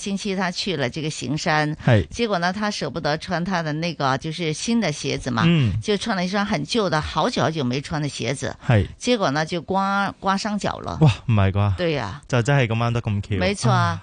星期他去了這個行山，結果呢，他捨不得穿他的那個就是新的鞋子嘛，嗯、就穿了一雙很舊的，好久好久沒穿的鞋子，結果呢就刮刮傷腳了。哇，唔係啩？對呀、啊，就真係咁啱得咁巧。沒錯、啊。啊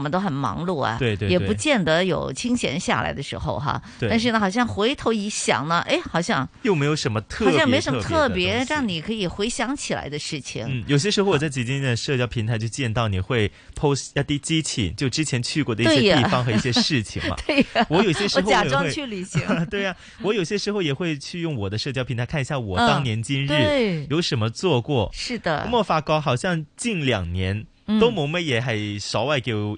我們都很忙碌啊，對對，對也不見得有清閒下來的時候哈、啊。但是呢，好像回頭一想呢，哎，好像又沒有什麼特、別特別，好像沒什麼特別讓你可以回想起來的事情。嗯、有些時候我在今天的社交平台就見到你會 post 一啲記起就之前去過的一些地方和一些事情嘛。 對呀，我有些時候我我假裝去旅行。 對呀，我有些時候也會去用我的社交平台看一下我當年今日、嗯、有什麼做過。是的，咁、嗯、我發覺好像近兩年都冇乜嘢還稍微給我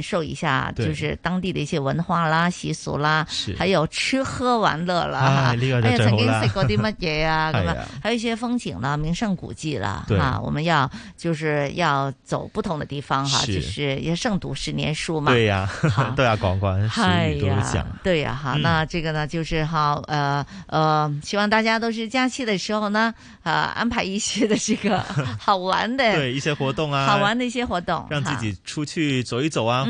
感受一下，就是當地的一些文化啦、習俗啦，還有吃喝玩樂啦。啊、哎呀，曾經吃過啲乜嘢啊？還有一些風景啦、名勝古蹟啦。啊，我們要就是要走不同的地方哈、啊，就是也勝讀十年書嘛。對呀， 對呀，觀光，光，哎呀，對呀，哈、嗯。那這個呢，就是哈，呃呃，希望大家都是假期的時候呢，呃，安排一些的這個好玩的， 對一些活動啊，好玩的一些活動，讓自己出去走一走啊。嗯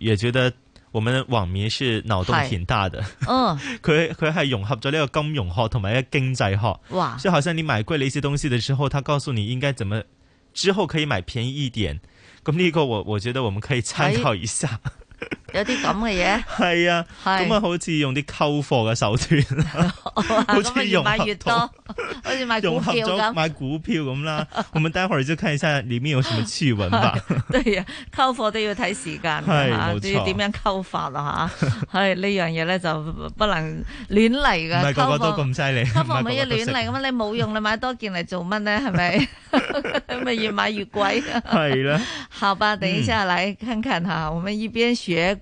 也覺得我們網民是腦洞挺大的，嗯，佢佢係融合咗呢個金融學同埋一個經濟學，哇！所以好像你買貴了一些東西的時候，他告訴你應該怎麼之後可以買便宜一點，咁呢個我我覺得我們可以參考一下。哎 有啲咁嘅嘢，係啊，咁啊好似用啲溝貨嘅手段，哦、 好似、哦啊、越買越多，好 似買股票 買股票咁啦。 我們待會兒就看一下裏面有什麼趣聞吧、啊。對啊，溝貨都要睇時間，係冇錯，點樣溝法啊？吓、啊，係呢樣嘢咧、 啊 啊、就不能亂嚟噶。溝 貨 都咁犀利，溝貨唔可以亂嚟噶嘛？你冇用你買多件嚟做乜咧？係咪？咪 越買越貴啊？係啦。好吧，等一下、嗯、來看看吓，我們一邊學。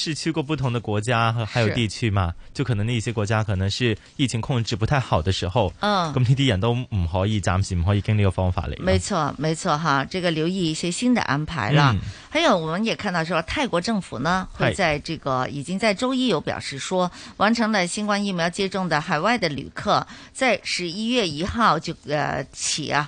是去過不同的國家和還有地區嘛？就可能那一些國家可能是疫情控制不太好的時候，嗯，各地人都唔可以暫時唔可以跟呢個方法嚟。沒錯，沒錯哈，這個留意一些新的安排啦，嗯。還有我們也看到說，泰國政府呢會在這個已經在周一有表示說，完成了新冠疫苗接種的海外的旅客，在十一月一號就呃起啊。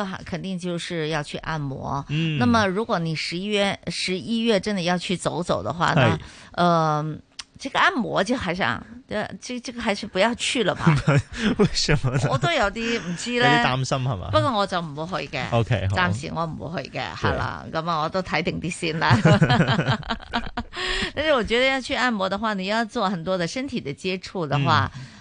肯定就是要去按摩。嗯，那麼如果你十一月十一月真的要去走走的話呢，嗯那、呃，這個按摩就還是這這個還是不要去了吧？ 為什麼呢？我都有點唔知咧，擔心係吧？不過我就唔會去嘅。OK，暫時我唔會去嘅。好了，咁啊，我都睇定啲先啦。 但是我覺得要去按摩的話，你要做很多的身體的接觸的話。嗯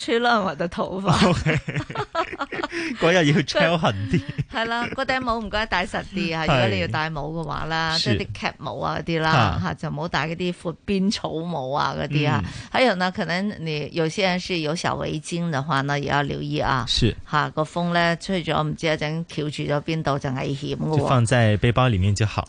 吹亂我的頭髮。嗰、okay, 日 要 t r 啲。係 啦，嗰頂帽唔該戴實啲 如果你要戴帽嘅話啦，即係啲 cap 帽啊啲啦吓、啊啊，就唔好戴嗰啲闊邊草帽啊嗰啲啊、嗯。還有呢，可能你有些人是有小圍巾嘅話呢，呢也要留意啊。是吓個、啊、風咧吹咗，唔知一陣翹住咗邊度就危險、哦、就放在背包裏面就好。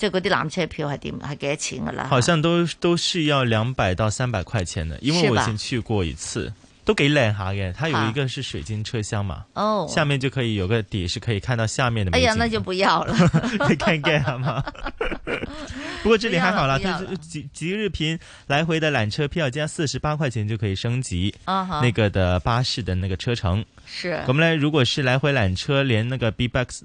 這個嗰啲纜車票係點？係幾錢噶啦？好像，都都是要兩百到三百塊錢的，因為我先去過一次，都幾靚下嘅。它有一個是水晶車廂嘛，哦，下面就可以有個底，是可以看到下面的。哎呀，那就不要了，can get 好嗎，不過這裡還好啦了，了，它吉吉日平來回的纜車票加四十八塊錢就可以升級，那個的巴士的那個車程。 是，我們來如果是來回纜車連那個 B box。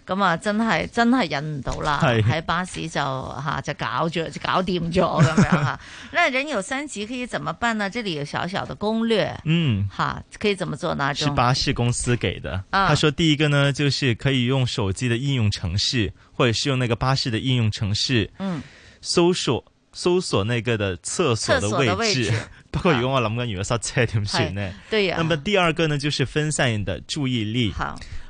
咁啊，真係真係忍唔到啦！喺巴士就嚇就搞住，就搞掂咗咁樣嚇。那 人有三急，可以怎麼辦呢？這裏有小小的攻略。嗯，嚇可以怎麼做呢？是巴士公司給的。啊、嗯，他說第一個呢，就是可以用手機的應用程式，或者是用那個巴士的應用程式，嗯，搜索搜索那個的廁所的位置。位置啊、 包括沒有冇男嘅女嘅，塞啲乜嘢呢？對呀、啊。那麼第二個呢，就是分散你的注意力。好。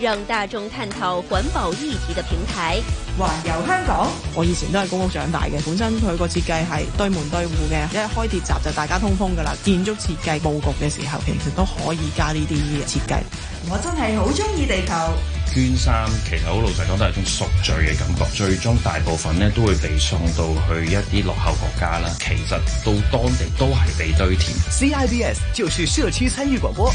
讓大眾探討環保議題的平台。環遊香港，我以前都係公屋長大嘅，本身佢個設計係對門對戶嘅，一開鐵閘就大家通風噶啦。建築設計布局嘅時候，其實都可以加呢啲設計。我真係好中意地球捐衫，其實好老實講都係一種贖罪嘅感覺。最終大部分咧都會被送到去一啲落後國家啦。其實到當地都係被堆填。CIBS 就是社區參與廣播。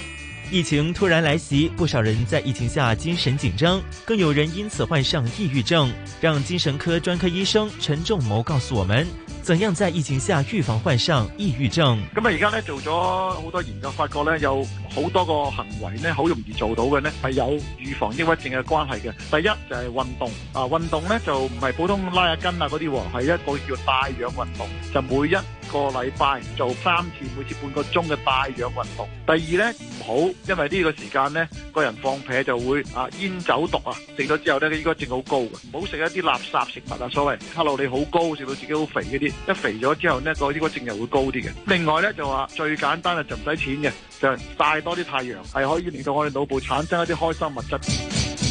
疫情突然來襲，不少人在疫情下精神緊張，更有人因此患上抑鬱症。讓精神科專科醫生陳仲謀告訴我們，怎樣在疫情下預防患上抑鬱症。咁啊，而家咧做咗好多研究，發覺咧有好多個行為咧好容易做到嘅咧，係有預防抑鬱症嘅關係嘅。第一就係、是、運動啊，運動咧就唔係普通拉阿筋啊嗰啲，係一個叫帶氧運動，就每一。個禮拜做三次，每次半個鐘嘅帶氧運動。第二咧唔好，因為呢個時間咧個人放屁就會啊煙酒毒啊，食咗之後咧呢個症好高嘅。唔好食一啲垃圾食物啊，所謂卡路里好高，食到自己好肥嗰啲。一肥咗之後呢，個呢個症又會高啲嘅。另外咧就話最簡單嘅就唔使錢嘅，就係曬多啲太陽，係可以令到我哋腦部產生一啲開心物質。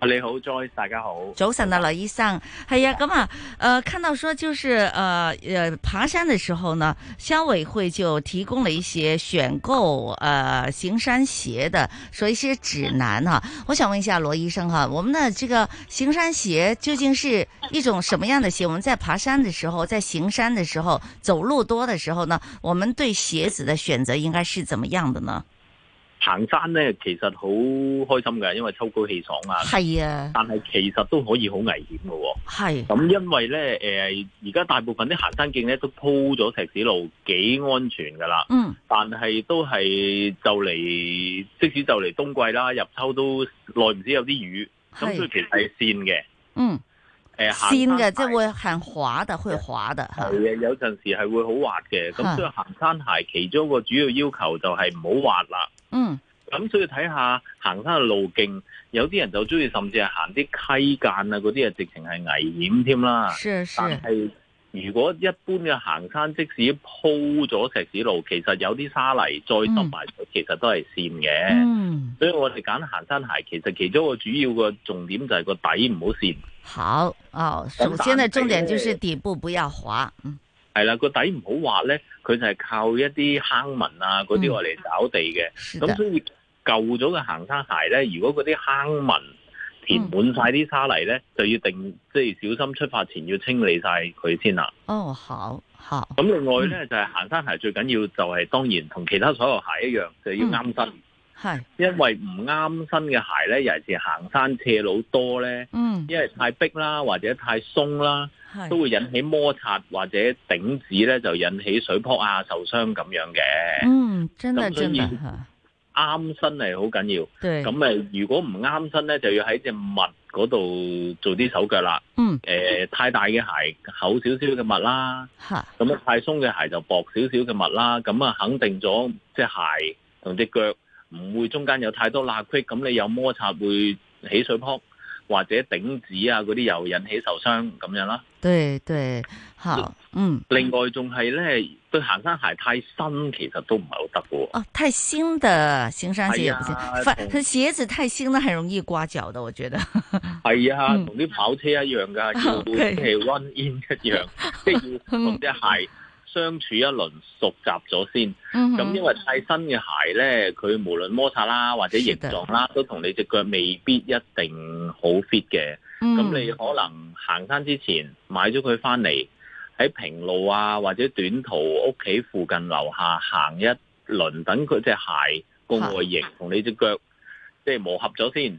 啊，你好，Joy，大家好。早晨啊，羅醫生，係呀，咁啊，呃，看到說，就是呃呃爬山的時候呢，消委會就提供了一些選購呃行山鞋的，說一些指南哈。我想問一下羅醫生哈，我們的這個行山鞋究竟是一種什麼樣的鞋？我們在爬山的時候，在行山的時候，走路多的時候呢，我們對鞋子的選擇應該是怎麼樣的呢？行山咧，其實好開心嘅，因為秋高氣爽啊。係啊，但係其實都可以好危險嘅喎。係。咁因為咧，誒而家大部分啲行山徑咧都鋪咗石子路，幾安全嘅啦。嗯。但係都係就嚟，即使就嚟冬季啦，入秋都耐唔少有啲雨，咁所以其實係跣嘅。嗯。線、呃、嘅，即係會行滑的，會滑的係嘅、啊，有陣時係會好滑嘅。咁所以行山鞋，其中一個主要要求就係唔好滑啦。嗯。咁所以睇下行山嘅路徑，有啲人就中意，甚至係行啲溪澗啊，嗰啲啊，直情係危險添啦。是，是。如果一般嘅行山，即使鋪咗石屎路，其實有啲沙泥再濕埋、嗯，其實都係跣嘅。嗯，所以我哋揀行山鞋，其實其中一個主要個重點就係個底唔好跣。好哦，首先嘅重點就是底部不要滑。嗯，係啦，個底唔好滑咧，佢就係靠一啲坑紋啊嗰啲嚟找地嘅。咁所以舊咗嘅行山鞋咧，如果嗰啲坑紋填滿晒啲沙泥咧、嗯，就要定即係、就是、小心出發前要清理晒佢先啦。哦，好好。咁另外咧就係、是、行山鞋最緊要就係當然同其他所有鞋一樣，就要啱身。係、嗯，因為唔啱身嘅鞋咧，尤其是行山斜路多咧、嗯，因為太逼啦或者太鬆啦、嗯，都會引起摩擦或者頂趾咧，就引起水泡啊受傷咁樣嘅。嗯，真係，真係啱身係好緊要，咁誒、嗯、如果唔啱身咧，就要喺隻襪嗰度做啲手腳啦。嗯，誒、呃、太大嘅鞋厚少少嘅襪啦，咁太鬆嘅鞋就薄少少嘅襪啦。咁啊，肯定咗即係鞋同隻腳唔會中間有太多罅隙，咁你有摩擦會起水泡或者頂子啊嗰啲，又引起受傷咁樣啦。對對，嚇。嗯，另外仲係咧，對行山鞋太新，其實都唔係好得嘅。哦、啊，太新的新也不行山鞋，哎、反鞋子太新咧，很容易刮腳的。我覺得係啊，同、嗯、啲跑車一樣噶，okay. 要係 run in 一樣，即 係要同啲鞋相處一輪，熟習咗先。咁、嗯、因為太新嘅鞋咧，佢無論摩擦啦或者形狀啦，的都同你隻腳未必一定好 fit 嘅。咁、嗯、你可能行山之前買咗佢翻嚟。喺平路啊，或者短途屋企附近樓下行一輪，等佢隻鞋個外形同你隻腳，即係磨合咗先。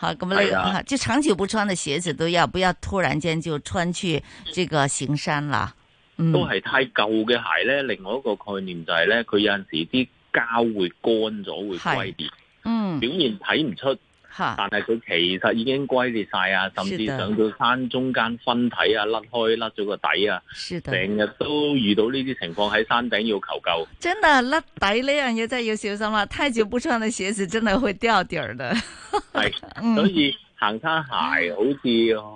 好咁啊！就長久不穿嘅鞋子都要，不要突然間就穿去這個行山啦，嗯。都係太舊嘅鞋咧，另外一個概念就係、是、咧，佢有陣時啲膠會乾咗會龜裂，嗯，表面睇唔出。但係佢其實已經龜裂晒啊，甚至上到山中間分體啊，甩開甩咗個底啊，成日都遇到呢啲情況喺山頂要求救。真係甩底呢樣嘢真係要小心啦！太久不穿的鞋子，真的會掉底的。係， 所以。嗯行山鞋好似行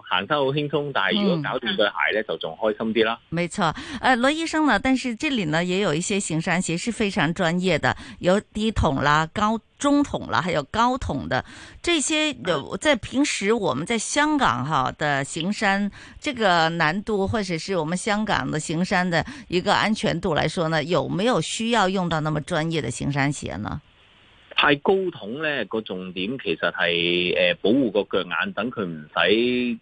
山好輕鬆，但係如果搞掂對鞋咧，就仲開心啲啦，嗯。沒錯，誒、呃，羅醫生呢？但是這裏呢，也有一些行山鞋是非常專業的，有低筒啦、高中筒啦，還有高筒的。這些有在平時我們在香港哈的行山，這個難度或者是我們香港的行山的一個安全度來說呢，有沒有需要用到那麼專業的行山鞋呢？太高筒呢個重點其實係保護個腳眼，等佢唔使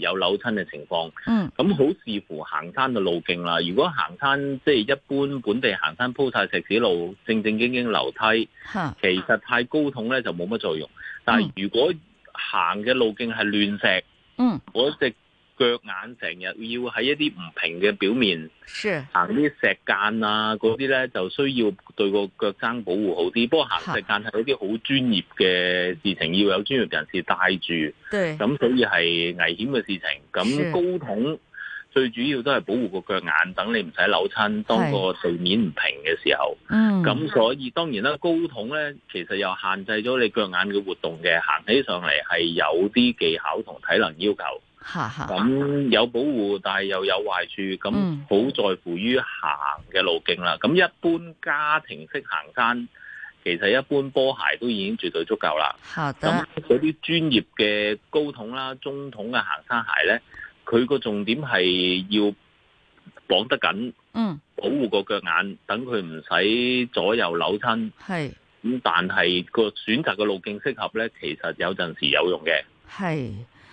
有扭親嘅情況。嗯，咁好視乎行山嘅路徑啦。如果行山即係、就是、一般本地行山鋪晒石屎路，正正經經樓梯，其實太高筒呢就冇乜作用。但如果行嘅路徑係亂石，嗯，我一直，腳眼成日要喺一啲唔平嘅表面行，啲石澗啊，嗰啲呢，就需要對個腳踭保護好啲。不過行石澗係有啲好專業嘅事情，要有專業人士帶住。咁所以係危險嘅事情。咁高筒最主要都係保護個腳眼，等你唔使扭親。當個地面唔平嘅時候，咁所以當然啦，高筒呢其實又限制咗你腳眼嘅活動嘅。行起上嚟係有啲技巧同體能要求。吓吓，咁有保護，但係又有壞處，咁好在乎於行嘅路徑啦。咁一般家庭式行山，其實一般波鞋都已經絕對足夠啦。好，咁嗰啲專業嘅高筒啦、中筒嘅行山鞋咧，佢個重點係要綁得緊，嗯，保護個腳眼，等佢唔使左右扭親。係咁，但係個選擇嘅路徑適合咧，其實有陣時有用嘅。係。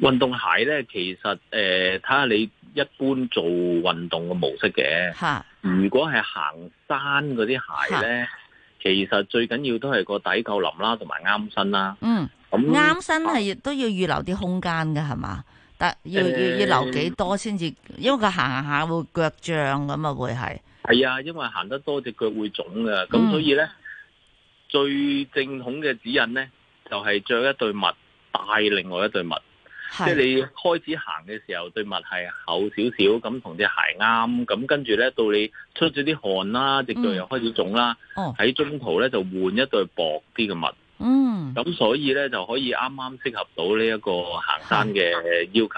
運動鞋咧，其實誒，睇、呃、下你一般做運動嘅模式嘅。吓、啊，如果係行山嗰啲鞋咧、啊，其實最緊要都係個底夠腍啦，同埋啱身啦、啊。嗯、咁、嗯、啱身係都要預留啲空間嘅，係、啊、嘛？但要要要留幾多先至、呃？因為佢行下會腳脹咁啊，會係。係啊，因為行得多隻腳會腫噶，咁、嗯、所以咧，最正統嘅指引咧，就係、是、着一對襪，帶另外一對襪。即係你開始行嘅時候，對襪係厚少少，咁同隻鞋啱，咁跟住咧到你出咗啲汗啦，隻腳又開始腫啦，喺、嗯、中途咧就換一對薄啲嘅襪。嗯，咁所以咧就可以啱啱適合到呢一個行山嘅要求。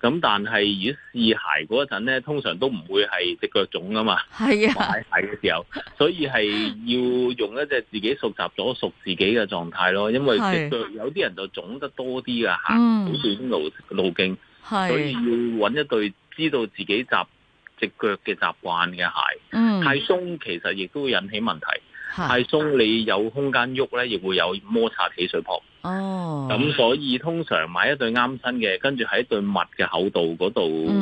咁、啊、但係，如果試鞋嗰陣咧，通常都唔會係隻腳腫噶嘛。係啊，買鞋嘅時候，所以係要用一隻自己熟習咗熟自己嘅狀態咯。因為隻腳有啲人就腫得多啲噶，行好短路路徑，啊，所以要揾一對知道自己習隻腳嘅習慣嘅鞋。嗯，太鬆其實亦都會引起問題。太鬆你有空間喐咧，亦會有摩擦起水泡。哦，咁所以通常買一對啱身嘅，跟住喺對襪嘅厚度嗰度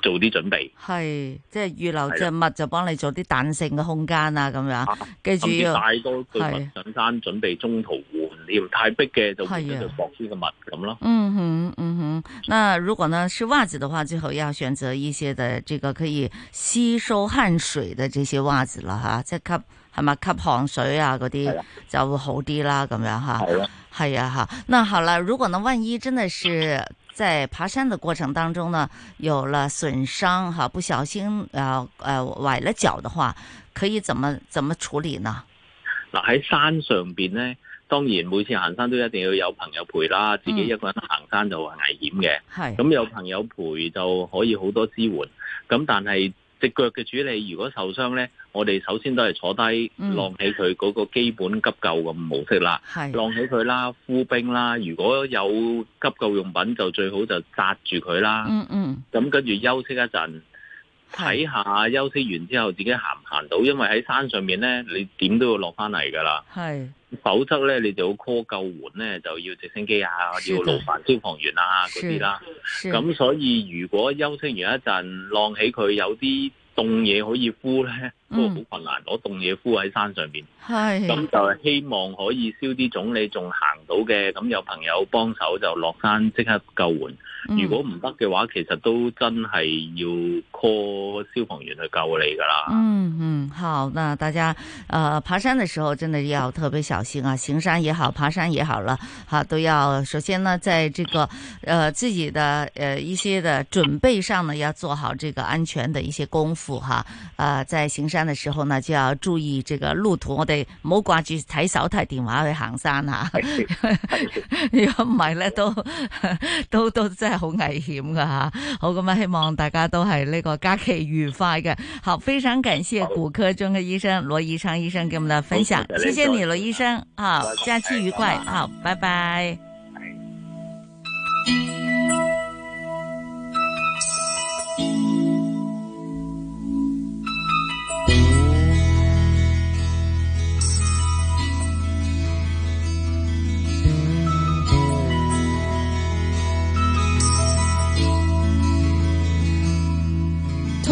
做啲準備。係、嗯，即係預留隻襪就幫、是、你做啲彈性嘅空間啊，咁樣。記、啊、住要係。帶多對襪上山，準備中途換。你太逼嘅就喺度薄啲嘅襪咁咯。嗯哼，嗯哼。那如果呢，是襪子的話，最好要選擇一些的這個可以吸收汗水的這些襪子啦，吓，即係。咁啊，吸汗水啊，嗰啲就會好啲啦，咁樣吓，係咯，係啊吓。那好啦，如果呢，萬一真的是在爬山的過程當中呢，有了損傷嚇，不小心啊誒，崴、呃呃、了腳的話，可以怎麼怎麼處理呢？嗱，喺山上邊呢，當然每次行山都一定要有朋友陪啦，嗯、自己一個人行山就危險嘅。係。咁有朋友陪就可以好多支援，咁但係。隻腳嘅處理，如果受傷咧，我哋首先都係坐低晾起佢，嗰個基本急救嘅模式啦，晾起佢啦，敷冰啦，如果有急救用品就最好就紮住佢啦。嗯嗯，咁跟住休息一陣。睇下休息完之後自己行唔行到，因為喺山上面咧，你點都要落翻嚟噶啦。係，否則咧你就要 call 救援咧，就要直升機啊，要勞煩消防員啊嗰啲啦。咁所以如果休息完一陣，晾起佢有啲，凍嘢可以敷咧、嗯，不過好困難。我凍嘢敷喺山上邊，咁、嗯、就係希望可以燒啲種你仲行到嘅，咁有朋友幫手就落山即刻救援。如果唔得嘅話，其實都真係要 call 消防員去救你噶啦。嗯嗯，好，那大家，誒、呃，爬山的時候真的要特別小心啊！行山也好，爬山也好了，都要首先呢，在這個，誒、呃，自己的，誒、呃，一些的準備上呢，要做好這個安全的一些功夫。啊、在行山的時候呢，就要注意這個路途，我哋唔好掛住睇手提電話去行山吓。如果唔係咧，都都都真係好危險噶、啊、吓。好咁啊，希望大家都係呢個假期愉快嘅。好，非常感謝骨科中嘅醫生羅醫生醫生給我們的分享，謝謝你羅醫生。好、啊，假期愉快。好，拜拜。哎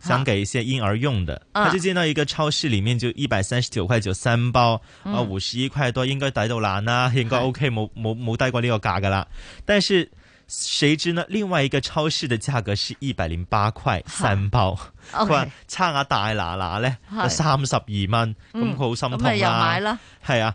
想給一些嬰兒用的，啊、他就見到一個超市裏面就一百三十九塊九三包、嗯，啊，五十一塊多應該抵到爛啦呢，應該 OK，冇冇冇帶過呢個價㗎喇。但是誰知呢，另外一個超市的價格是一百零八塊三包，哇、啊，差、okay, 額大嗱嗱咧，嗯、可可三十二蚊，咁佢好心痛啊，咁咪買啦，係啊。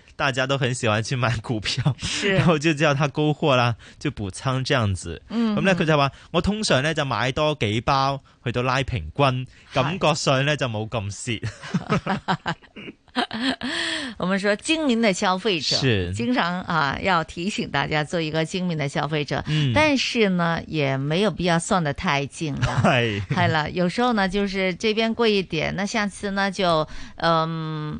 大家都很喜歡去買股票，然後就叫他它溝貨啦，就補倉這樣子。嗯，那、嗯、呢，佢就話我通常呢就買多幾包，去到拉平均，感覺上呢就冇咁蝕。 我們說精明的消費者，是經常啊要提醒大家做一個精明的消費者，嗯、但是呢也沒有必要算得太盡了。係啦，有時候呢就是這邊貴一點，那下次呢就嗯。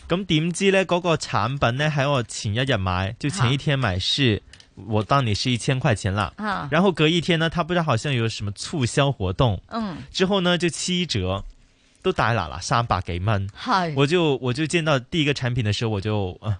咁、嗯、點知呢嗰個產品呢？喺我前一日買，就前一天買是我當你是一千塊錢啦。然後隔一天呢，他不知道好像有什麼促銷活動。之後呢，就七折，都抵喇喇，三百幾蚊。係，我就我就見到第一個產品的時候，我就。啊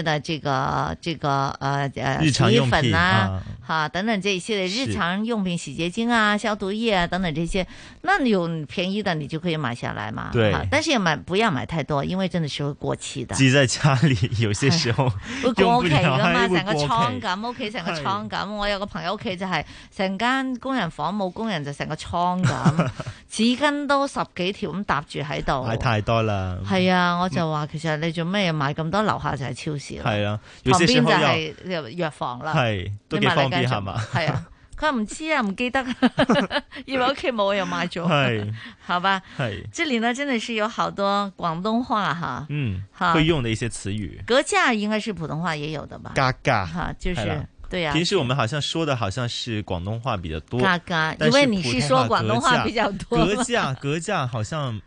的這個這個呃呃洗衣粉吶，好等等這些日常用品，啊啊、等等用品洗潔精啊，消毒液，啊、等等這些，那你有便宜的你就可以買下來嘛。對，但是也買不要買太多，因為真的是會過期的。積在家裡有些時候用不掉嘛，成個倉咁。屋企成個倉咁。我有個朋友屋企就係、是、成間工人房，冇工人就成個倉咁，紙 巾都十幾條咁搭住喺度。太太多啦。係啊、嗯嗯，我就話其實你做咩買咁多？樓下就係超係啊，旁邊就係藥房啦，係都幾方便係嘛？係啊，佢唔知啊，唔記得，而家屋企冇又買咗，係，好吧。係，這裏呢真的是有好多廣東話哈，嗯，會用的一些詞語。格價應該是普通話也有的吧？嘎嘎，哈、啊，就是，對呀。平時我們好像說的好像是廣東話比較多，嘎嘎。因為你是說廣東話比較多，格價格價好像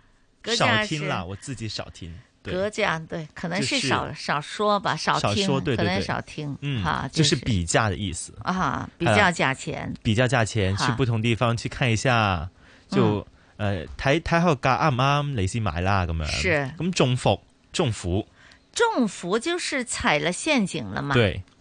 少聽啦，我自己少聽。格價對，可能是少、就是、少說吧，少聽，少說對對對可能少聽，哈、嗯就是嗯。就是比價的意思啊，比較價錢，啊比較價錢啊，比較價錢，去不同地方、啊、去看一下，就、嗯、呃，睇睇下個價啱唔啱，你先買啦，咁、嗯、樣。是。咁中伏，中伏，中伏就是踩了陷阱了嘛？對。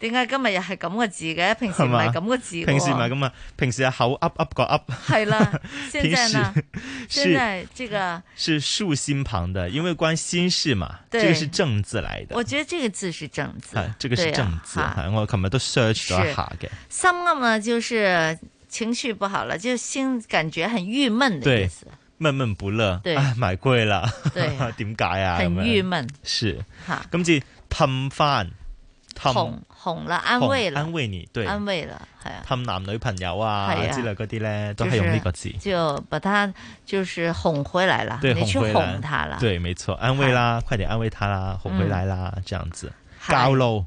點解今日又係咁個字嘅？平時唔係咁個字，平時唔係咁啊！平時係口噏噏個噏。係啦，先正啦，先係即係。是豎心旁的，因為關心事嘛。對。這個是正字來的。我覺得這個字是正字。啊，這個是正字。啊啊，我琴日都 search 咗下嘅。心啊嘛，就是情緒不好了，就心感覺很鬱悶的意思。悶悶不樂。對，買貴啦。對，啊。點解啊？很鬱悶。是。吓，啊。跟住氹翻。氹。哄了，安慰了，安慰你，對，安慰了，係、哎、啊，氹男女朋友啊，啊、哎，之類嗰啲咧，都係用呢個字，就是、就把他就是哄回來了，對，哄回來你去哄他啦，對，沒錯，安慰啦，哎、快點安慰他啦、嗯，哄回來啦，這樣子，哎、高咯。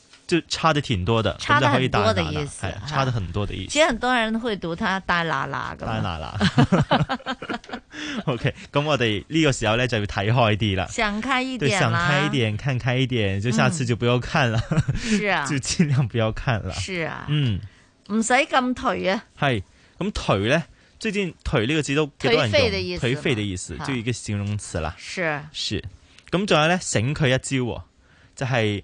就差得挺多的，差得很多的意思，打打打打啊、差得很多的意思。其實很多人會讀它大啦啦咁。大啦啦。O K，咁我哋呢個時候咧就要睇開啲啦。想開一點,一點，對，想一、嗯、開一點，看開一點，就下次就不要看了。嗯、是啊， 就盡量不要看了。是啊，嗯，唔使咁頹啊。係，咁頹咧，最近頹呢個字都幾多人用。頹廢嘅意思，就一個形容詞啦。是，是，咁仲有咧，醒佢一招、哦，就係、是。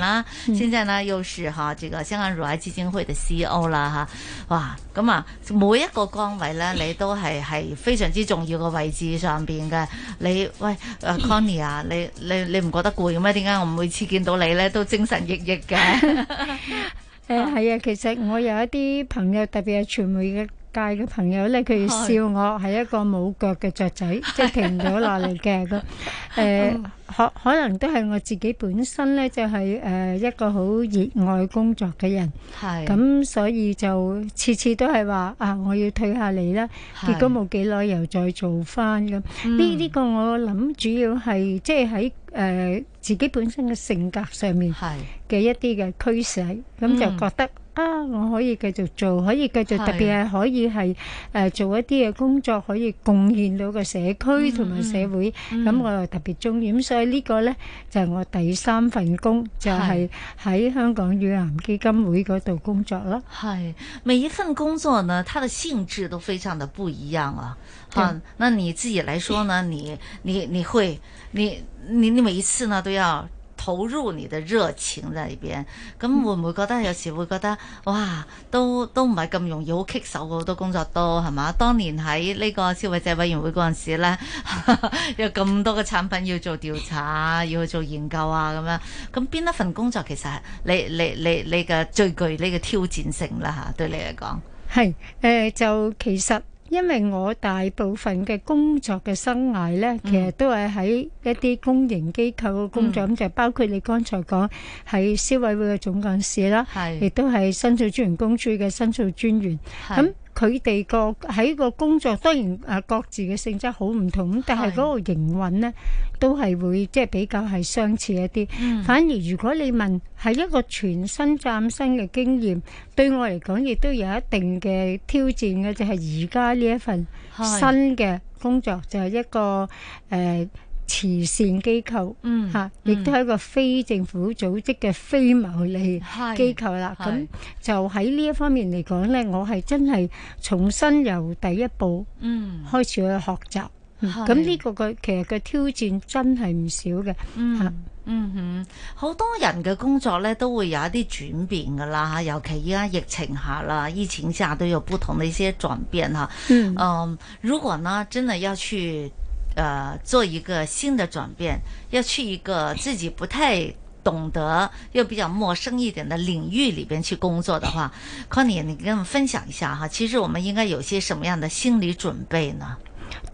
啦，現在呢、嗯、又是哈、啊，這個香港、嗯、乳癌基金會嘅 CEO 啦吓，哇，咁啊每一個崗位咧，你都係係 非常之重要嘅位置上邊嘅。你喂、啊、 Connie 啊，你你你唔覺得攰咩？點解我每次見到你咧都精神奕奕嘅？誒係啊， 呃、 其實我有一啲朋友，特別係傳媒嘅界嘅朋友咧，佢笑我係一個冇腳嘅雀仔， 即係停咗落嚟嘅個誒。 呃 可可能都係我自己本身咧，就係誒一個好熱愛工作嘅人。係咁，所以就次次都係話啊，我要退下嚟啦。係，結果冇幾耐又再做翻咁。呢呢個我諗主要係即係喺誒自己本身嘅性格上面係嘅一啲嘅驅使，咁就覺得啊，我可以繼續做，可以繼續特別係可以係誒做一啲嘅工作，可以貢獻到個社區同埋社會。咁我又特別中意咁，所以。個呢個咧就係、是、我第三份工，就係、是、喺香港乳癌基金會嗰度工作啦。係，每一份工作呢，它的性質都非常的不一樣啊。吓、啊，那你自己來說呢？你你你會，你你你每一次呢都要。投入你的熱情在裏邊，咁會唔會覺得有時會覺得哇，都都唔係咁容易好棘手，好多工作都係嘛？當年喺呢個消費者委員會嗰陣時咧， 有咁多嘅產品要做調查，要去做研究啊咁樣。咁邊一份工作其實係你你你你嘅最具呢個挑戰性啦嚇，對你嚟講係誒就其實。因為我大部分嘅工作嘅生涯呢，其實都係喺一啲公營機構嘅工作，咁、嗯、就是、包括你剛才講喺消委會嘅總幹事啦，亦都係申訴專員公署嘅申訴專員。咁佢哋個喺個工作當然誒各自嘅性質好唔同，是但係嗰個營運呢都係會即係、就是、比較係相似一啲、嗯。反而如果你問係一個全新嶄新嘅經驗，對我嚟講亦都有一定嘅挑戰嘅，就係而家呢一份新嘅工作就係、是、一個誒，呃慈善機構吓，亦都係一個非政府組織嘅非牟利機構啦。咁就喺呢一方面嚟講咧，我係真係重新由第一步開始去學習。咁、嗯、呢個嘅其實嘅挑戰真係唔少嘅。嗯嗯哼，好多人嘅工作咧都會有一啲轉變噶啦吓，尤其依家疫情下啦，疫情下都有不同嘅一些轉變哈。嗯，如果呢，真係要去。呃，做一個新的轉變，要去一個自己不太懂得又比較陌生一點的領域裏邊去工作的話，Connie， Connie，你跟我們分享一下哈，其實我們應該有些什麼樣的心理準備呢？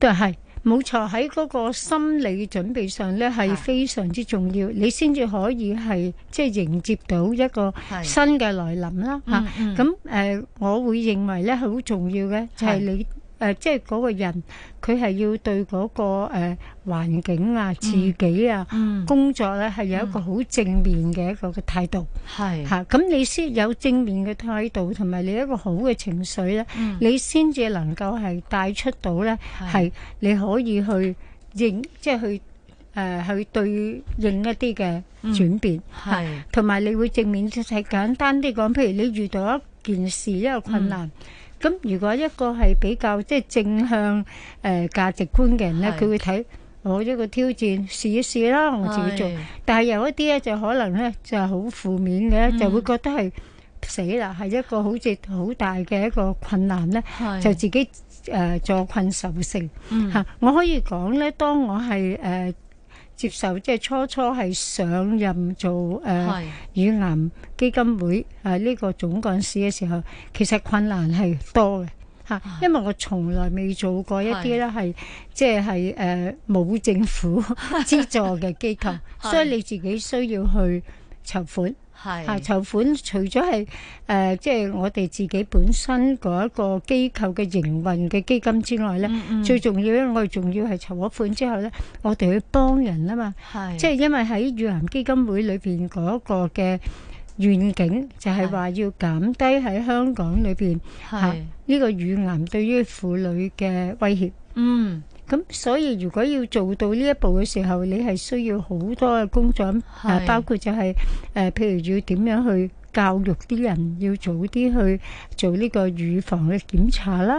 對，係冇錯，喺嗰個心理準備上呢係非常之重要，你先至可以係即係迎接到一個新嘅來臨啦。吓，咁、嗯、誒、啊嗯呃，我會認為呢好重要嘅，就係、是、你是。誒、呃，即係嗰個人，佢係要對嗰、那個誒環、呃、境啊、自己啊、嗯嗯、工作咧，係有一個好正面嘅一個嘅態度。係吓，咁你先有正面嘅態度，同埋你一個好嘅情緒咧、嗯，你先至能夠係帶出到咧，係你可以去應，即、就、係、是、去誒、呃、去對應一啲嘅轉變。係同埋你會正面，即係簡單啲講，譬如你遇到一件事，一個困難。嗯咁如果一個係比較即係、就是、正向誒價、呃、值觀嘅人咧，佢會睇，我一個挑戰，試一試啦，我自己做。但係有一啲咧就可能咧就係好負面嘅、嗯，就會覺得係死啦，係一個好似好大嘅一個困難咧，就自己誒、呃、助困受性。吓、嗯啊。我可以講咧，當我係誒。呃接受即係初初係上任做誒乳癌基金會誒呢、呃呢個總幹事嘅時候，其實困難係多嘅吓，因為我從來未做過一啲咧係即係係誒冇政府資助嘅機構， 所以你自己需要去籌款。係籌款，除咗係誒，即、呃、係、就是、我哋自己本身嗰一個機構嘅營運嘅基金之外咧、嗯嗯，最重要咧，我哋仲要係籌咗款之後咧，我哋去幫人啊嘛。係，即、就、係、是、因為喺乳癌基金會裏邊嗰一個嘅願景，就係話要減低喺香港裏邊吓呢個乳癌對於婦女嘅威脅。嗯。咁所以如果要做到呢一步嘅時候，你係需要好多嘅工作，啊，包括就係、是、誒、呃，譬如要點樣去教育啲人，要早啲去做呢個預防嘅檢查啦，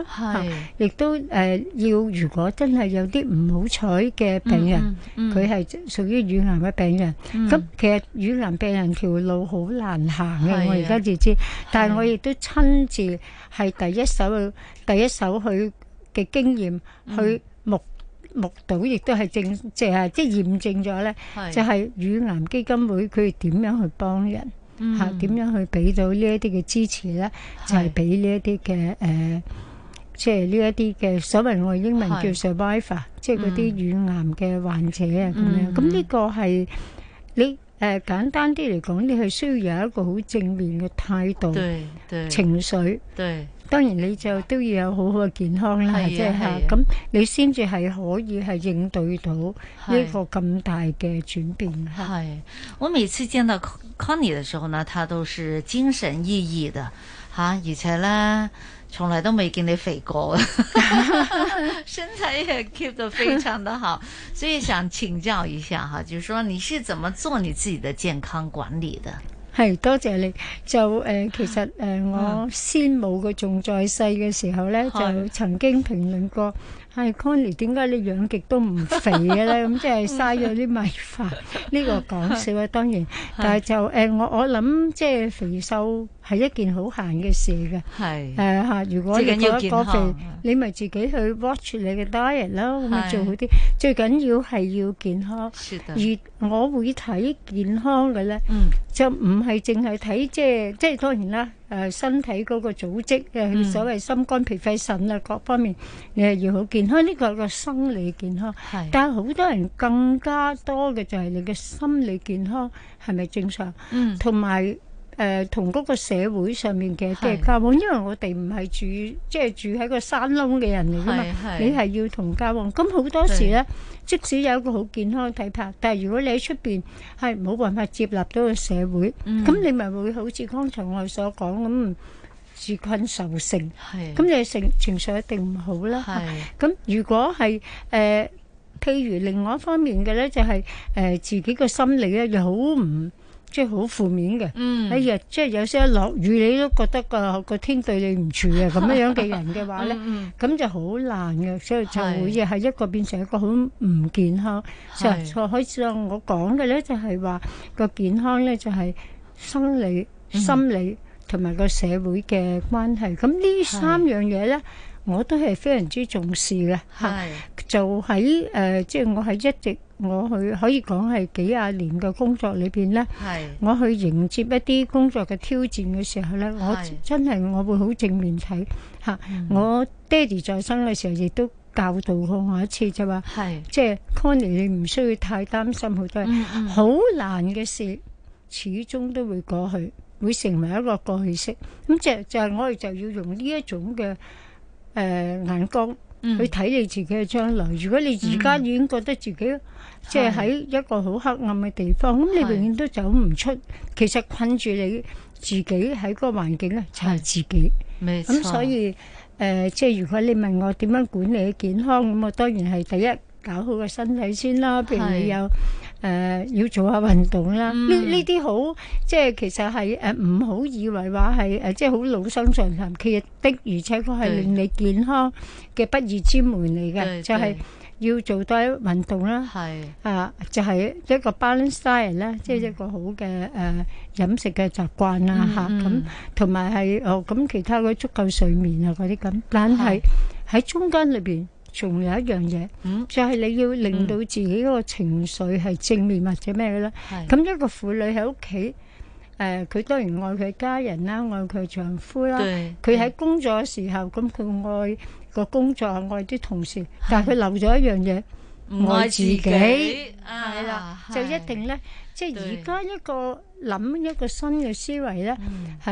亦、啊、都誒、呃、要。如果真係有啲唔好彩嘅病人，佢係屬於乳癌嘅病人，咁、嗯、其實乳癌病人條路好難行嘅、啊。我而家至知、啊，但係我亦都親自係第一手，去、啊、第一手、嗯、去嘅經驗去。目睹亦都係正，即係即係驗證咗咧，就係、是、乳癌基金會佢點樣去幫人嚇，點、嗯、樣去俾到呢一啲嘅支持咧，就係俾呢一啲嘅誒，即係呢一啲嘅所謂我哋英文叫 survivor，即係嗰啲乳癌嘅患者啊咁、嗯、樣。咁、嗯、呢個係你誒、呃、簡單啲嚟講，你係需要有一個好正面嘅態度、對對情緒。對對當然你就都要有好好嘅健康啦，即咁、就是、你先至係可以係應對到呢個咁大嘅轉變係、係、係。我每次見到 Connie 的時候呢，她都是精神奕奕的嚇、啊，而且呢，從來都未見你肥過， 身材也 keep 得非常的好。 所以想請教一下哈，就是說你是怎麼做你自己的健康管理的？係，多謝你。就誒、呃，其實誒、呃嗯，我先母佢仲在世嘅時候咧，就曾經評論過唉 Connie 點解你養極都唔肥嘅咧？咁、 嗯、即係嘥咗啲米飯。呢 個講笑啊，當然。但係就誒、呃，我我諗即係肥瘦係一件好閒嘅事嘅，誒吓、呃，如果你覺得嗰肥，要要你咪自己去 watch 你嘅 diet 咯，咁啊做好啲。最緊要係要健康，而我會睇健康嘅咧、嗯，就唔係淨係睇即係即係當然啦，誒、呃、身體嗰個組織嘅、嗯，所謂心肝脾肺腎啦各方面，你要好健康，呢、這個係個生理健康。但係好多人更加多嘅就係你嘅心理健康係咪正常，同、嗯、埋。誒同嗰個社會上面嘅嘅交往，因為我哋唔係住即係住喺個山窿嘅人嚟啊嘛，你係要同交往，咁好多時咧，即使有一個好健康嘅體魄，但係如果你喺出邊係冇辦法接納到個社會，咁你咪會好似剛才我所講咁自困受成，咁你情情緒一定唔好啦。咁如果係誒譬如另外一方面嘅咧，就係誒自己嘅心理咧，又好唔～即係好負面嘅，哎、嗯、呀！即係有些落雨，你都覺得個個天對你唔住啊！咁樣樣嘅人嘅話咧，咁就好難嘅，所以就會係一個變成一個好唔健康。其實開始我講嘅咧，就係話、就是、個健康咧就係、是、生理、嗯、心理同埋個社會嘅關係。咁呢三樣嘢咧。我都係非常之重視嘅嚇、呃，就喺誒，即係我係一直我去可以講係幾廿年嘅工作裏邊咧，我去迎接一啲工作嘅挑戰嘅時候咧，我真係我會好正面睇吓、嗯。我爹哋在生嘅時候，亦都教導過我一次就話，即係 Connie 你唔需要太擔心好多嘢，好、嗯嗯、難嘅事始終都會過去，會成為一個過去式咁。就就係我哋就要用呢一種嘅。誒、呃、眼光、嗯、去睇你自己嘅將來。如果你而家已經覺得自己、嗯、即係喺一個好黑暗嘅地方，咁你永遠都走唔出。其實困住你自己喺嗰個環境咧，就係自己，咩錯，咁所以誒、呃，即係如果你問我點樣管理健康，咁我當然係第一搞好個身體先啦，譬如你有。誒、呃，要做下運動啦，呢呢啲好，即係其實係誒，唔、呃、好以為話係誒，即係好老生常談，其實的而且確係令你健康嘅不二之門嚟嘅，就係、是、要做多啲運動啦，啊、呃，就係、是、一個 balanced diet 啦，即係、就是、一個好嘅誒飲食嘅習慣啦、啊，吓、嗯、咁，同埋係哦，咁其他嗰足夠睡眠啊嗰啲咁，但係喺中間裏邊。仲有一樣嘢、嗯，就係、是、你要令到自己個情緒係正面或者咩嘅啦。咁一個婦女喺屋企，誒、呃，佢當然愛佢家人啦，愛佢丈夫啦。佢喺工作嘅時候，咁、嗯、佢愛個工作，愛啲同事。但係佢漏咗一樣嘢。愛自己係啦、啊，就一定咧。即係而家一個諗一個新嘅思維咧，係、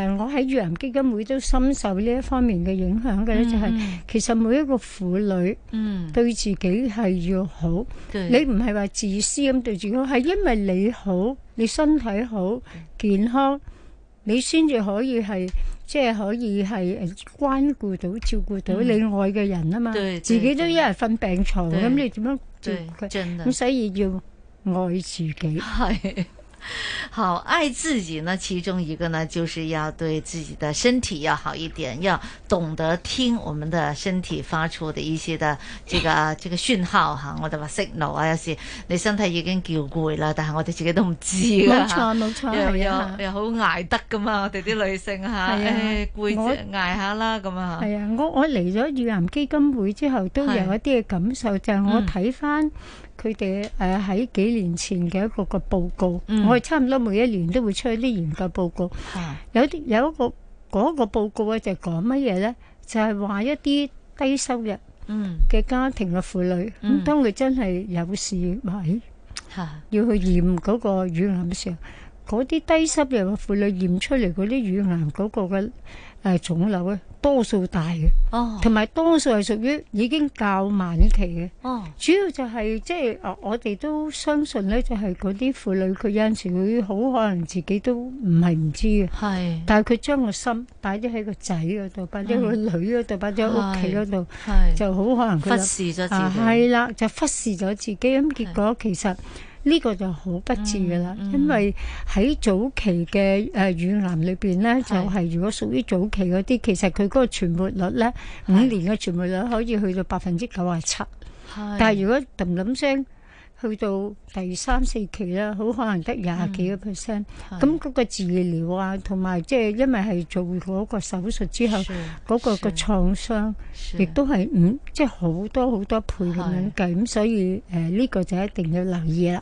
嗯、我喺楊基金會都深受呢一方面嘅影響嘅咧，就、嗯、係其實每一個婦女對自己係要好，嗯、你唔係話自私咁對自己好，係因為你好，你身體好健康，你先至可以係。即係可以係關顧到、照顧到你愛嘅人啊嘛、嗯，就是，自己都一人瞓病床，咁你點樣照顧對佢？咁所以要愛自己。係。好愛自己呢，其中一個呢，就是要對自己的身體要好一點，要懂得聽我們的身體發出的一些的這個這個訊號哈。 我哋話息怒啊，有時你身體已經叫攰啦，但係我哋自己都唔知，冇錯冇錯。係啊，好捱得噶嘛。我哋啲女性吓，係啊，攰，哎，就捱下啦咁啊。係啊，我我嚟咗乳癌基金會之後，都有一啲嘅感受，啊，就係、是、我睇翻、嗯。佢哋誒喺幾年前嘅一個個報告，嗯、我哋差唔多每一年都會出一啲研究報告。嗯、有啲有一個嗰、那個報告咧就講乜嘢咧？就係、是、話一啲低收入嘅家庭嘅婦女，咁、嗯、當佢真係有事，話、嗯、要去驗嗰個乳癌嘅時候，嗰啲低收入嘅婦女驗出嚟嗰啲乳癌嗰個嘅。係腫瘤咧，多數大嘅，同、哦、埋多數係屬於已經較晚期嘅。哦，主要就係即係，我哋都相信咧，就係嗰啲婦女，佢有陣時佢好可能自己都唔係唔知嘅。係，但係佢將個心擺咗喺個仔嗰度，擺咗喺個女嗰度，擺咗喺屋企嗰度，就好可能忽視咗自己。係啦、啊，就忽視咗自己，咁結果其實。呢、這個就好不治㗎啦，因為喺早期嘅誒乳癌裏邊咧，就係、是、如果屬於早期嗰啲，其實佢嗰個存活率咧，五年嘅存活率可以去到百分之九十七。但係如果噏噏聲，去到第三四期咧，好可能得廿幾個 percent。係。咁、嗯、嗰個治療啊，同埋即係因為係做嗰個手術之後，嗰、那個、那個創傷亦都係五，即係好多好多倍咁樣計。咁所以誒，呢、呃這個就一定要留意啦。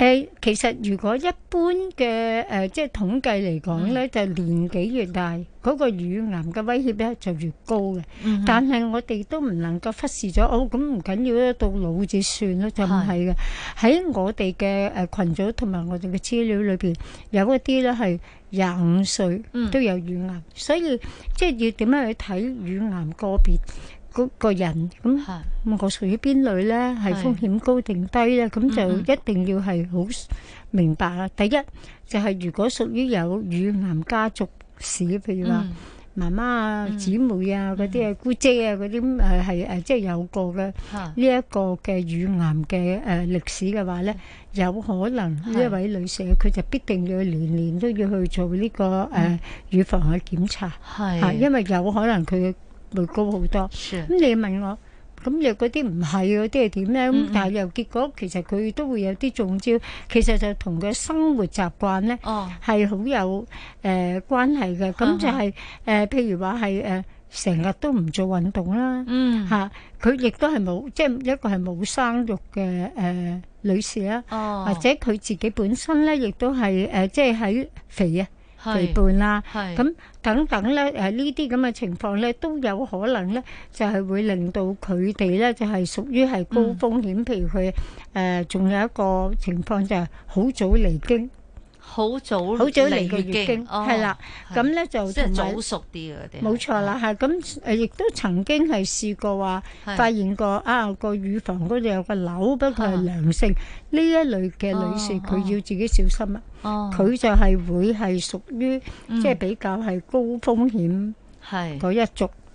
呃、其實如果一般嘅誒、呃，即係統計嚟講咧、嗯，就年紀越大，嗰、那個乳癌嘅威脅咧就越高嘅、嗯。但係我哋都唔能夠忽視咗，哦，咁唔緊要咧，到老子就算啦，就唔係嘅。喺我哋嘅誒羣組同埋我哋嘅資料裏邊，有一啲咧係廿五歲都有乳癌、嗯，所以即係要點樣去睇乳癌個別？嗰、那個人咁，我屬於邊類咧？係風險高定低咧？咁就一定要係好明白啦。第一就係、是、如果屬於有乳癌家族史，譬如話媽媽啊、姊妹啊嗰啲啊、姑姐啊嗰啲誒係誒，即係、呃呃就是、有過咧呢一個嘅乳癌嘅誒歷史嘅話咧，有可能呢一位女性，佢就必定要年年都要去做呢、這個誒、嗯呃、乳房嘅檢查，嚇，因為有可能佢。會高好多，咁你問我，咁若嗰啲唔係嗰啲係點咧？咁、嗯嗯、但係又結果，其實佢都會有啲中招，其實就同佢生活習慣咧，係、哦、好有誒、呃、關係嘅。咁、嗯嗯、就係、是、誒、呃，譬如話係誒，成、呃、日都唔做運動啦，吓、嗯，佢亦都係冇，即係、就是、一個係冇生育嘅誒、呃、女士啦，哦、或者佢自己本身咧，亦都係誒，即係喺肥啊。肥胖啦，咁等等咧，係呢啲咁嘅情況咧，都有可能咧，就係、是、會令到佢哋咧，就係、是、屬於係高風險。嗯、譬如佢誒，仲、呃、有一個情況就係好早嚟經。好早好早嚟嘅月經，係、哦、啦，咁咧就即係早熟啲啲，冇錯啦，係咁誒，亦都曾經係試過話，發現過啊個乳房嗰度有個瘤，不過係良性，呢、啊、一類嘅女士佢、哦、要自己小心啊，佢、哦、就係會係屬於、嗯、即係比較係高風險係嗰一族。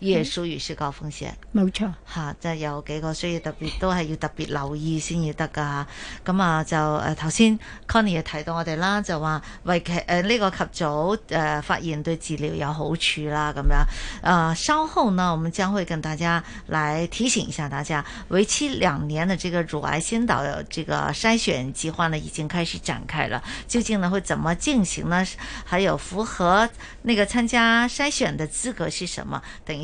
也屬於是高風險，冇、嗯、錯吓，即係有幾個需要特別都係要特別留意先至得噶嚇。咁啊、呃，就誒頭先 Conny 又提到我哋啦，就話為期誒呢個及早誒發現對治療有好處啦，咁樣啊稍後呢我們將會跟大家來提醒一下大家。為期兩年的這個乳癌先導這個篩選計劃呢，已經開始展開了。究竟呢會怎麼進行呢？還有符合那個參加篩選的資格是什麼？等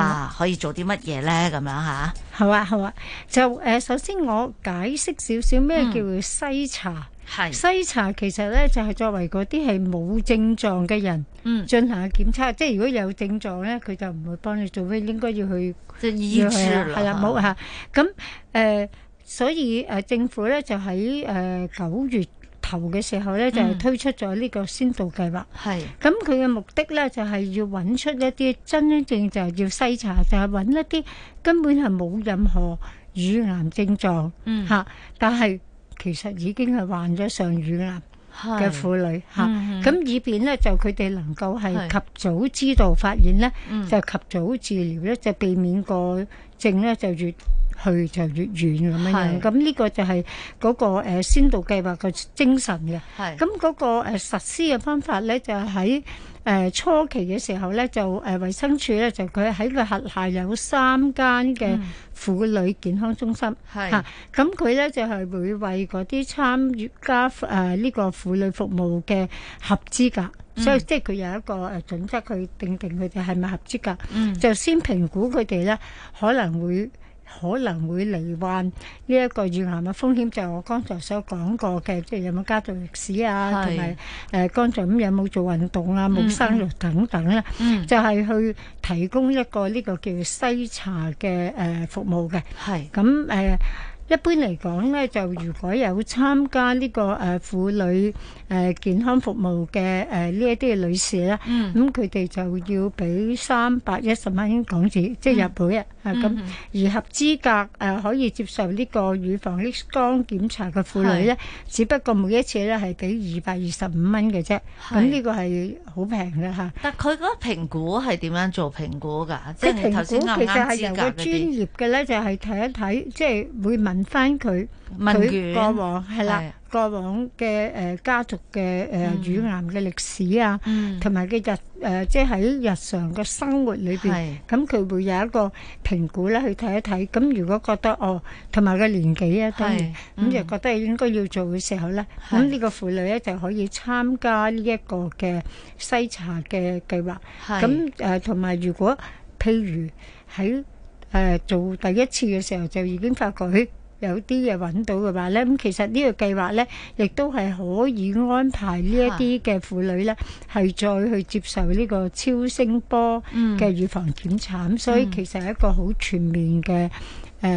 啊，可以做啲乜嘢咧？咁樣吓，好啊好啊就誒、呃，首先我解釋少少咩叫做篩查。係、嗯、篩查其實咧就係、是、作為嗰啲係冇症狀嘅人進，嗯，進行檢測。即係如果有症狀咧，佢就唔會幫你做咩，應該要去即係醫治啦。係冇吓。咁、嗯、誒、呃，所以誒、呃呃、政府咧就喺誒九月，嘅時候咧就推出咗呢個先導計劃，咁佢嘅目的咧就係要揾出一啲真正就要篩查，就係揾一啲根本係冇任何乳癌症狀吓，但係其實已經係患咗上乳癌嘅婦女吓，咁以便咧就佢哋能夠係及早知道發現咧，就及早治療咧，就避免個症咧就越。去就越遠。咁樣，咁呢個就係嗰個先導計劃嘅精神嘅。咁嗰個誒實施嘅方法咧，就喺誒初期嘅時候咧，就誒衞生署咧就佢喺佢轄下有三間嘅婦女健康中心。係，咁佢咧就係會為嗰啲參與加誒呢個婦女服務嘅合資格，所以即係佢有一個準則去定定佢哋係咪合資格。就先評估佢哋咧可能會。可能會罹患呢一個乳癌嘅風險，就我剛才所講過嘅，即、就、係、是、有冇家族歷史啊，同埋誒，剛才咁有冇做運動啊，冇生育等等咧、啊嗯嗯，就係、是、去提供一個呢個叫篩查嘅誒、呃、服務嘅。係咁誒。一般嚟講咧，就如果有參加呢個誒婦女誒健康服務嘅誒呢一啲嘅女士咧，咁佢哋就要俾三百一十蚊港紙，即係入會啊。咁而合資格誒可以接受呢個乳房 X 光檢查嘅婦女咧，只不過每一次咧係俾二百二十五蚊嘅啫。咁呢個係好平嘅嚇。但係佢嗰個評估係點樣做評估㗎？即係頭先啱啱資格其實係由個專業嘅咧，就係睇一睇，即係會問。問翻佢佢過往係啦，過往嘅誒家族嘅誒乳癌嘅歷史啊，同埋嘅日誒，即係喺日常嘅生活裏邊，咁佢會有一個評估咧，去睇一睇。咁如果覺得哦，同埋個年紀啊，當然，咁就覺得應該要做嘅時候咧，咁呢個婦女咧就可以參加呢一個嘅篩查嘅計劃。咁誒同埋，如果譬如喺誒做第一次嘅時候，就已經發覺佢。有啲嘢揾到嘅話，咧，咁其實這個呢個計劃咧，亦都係可以安排這些的呢一啲嘅婦女咧，係、啊、再去接受呢個超聲波嘅預防檢查，嗯，所以其實，係一個好全面嘅。誒、呃、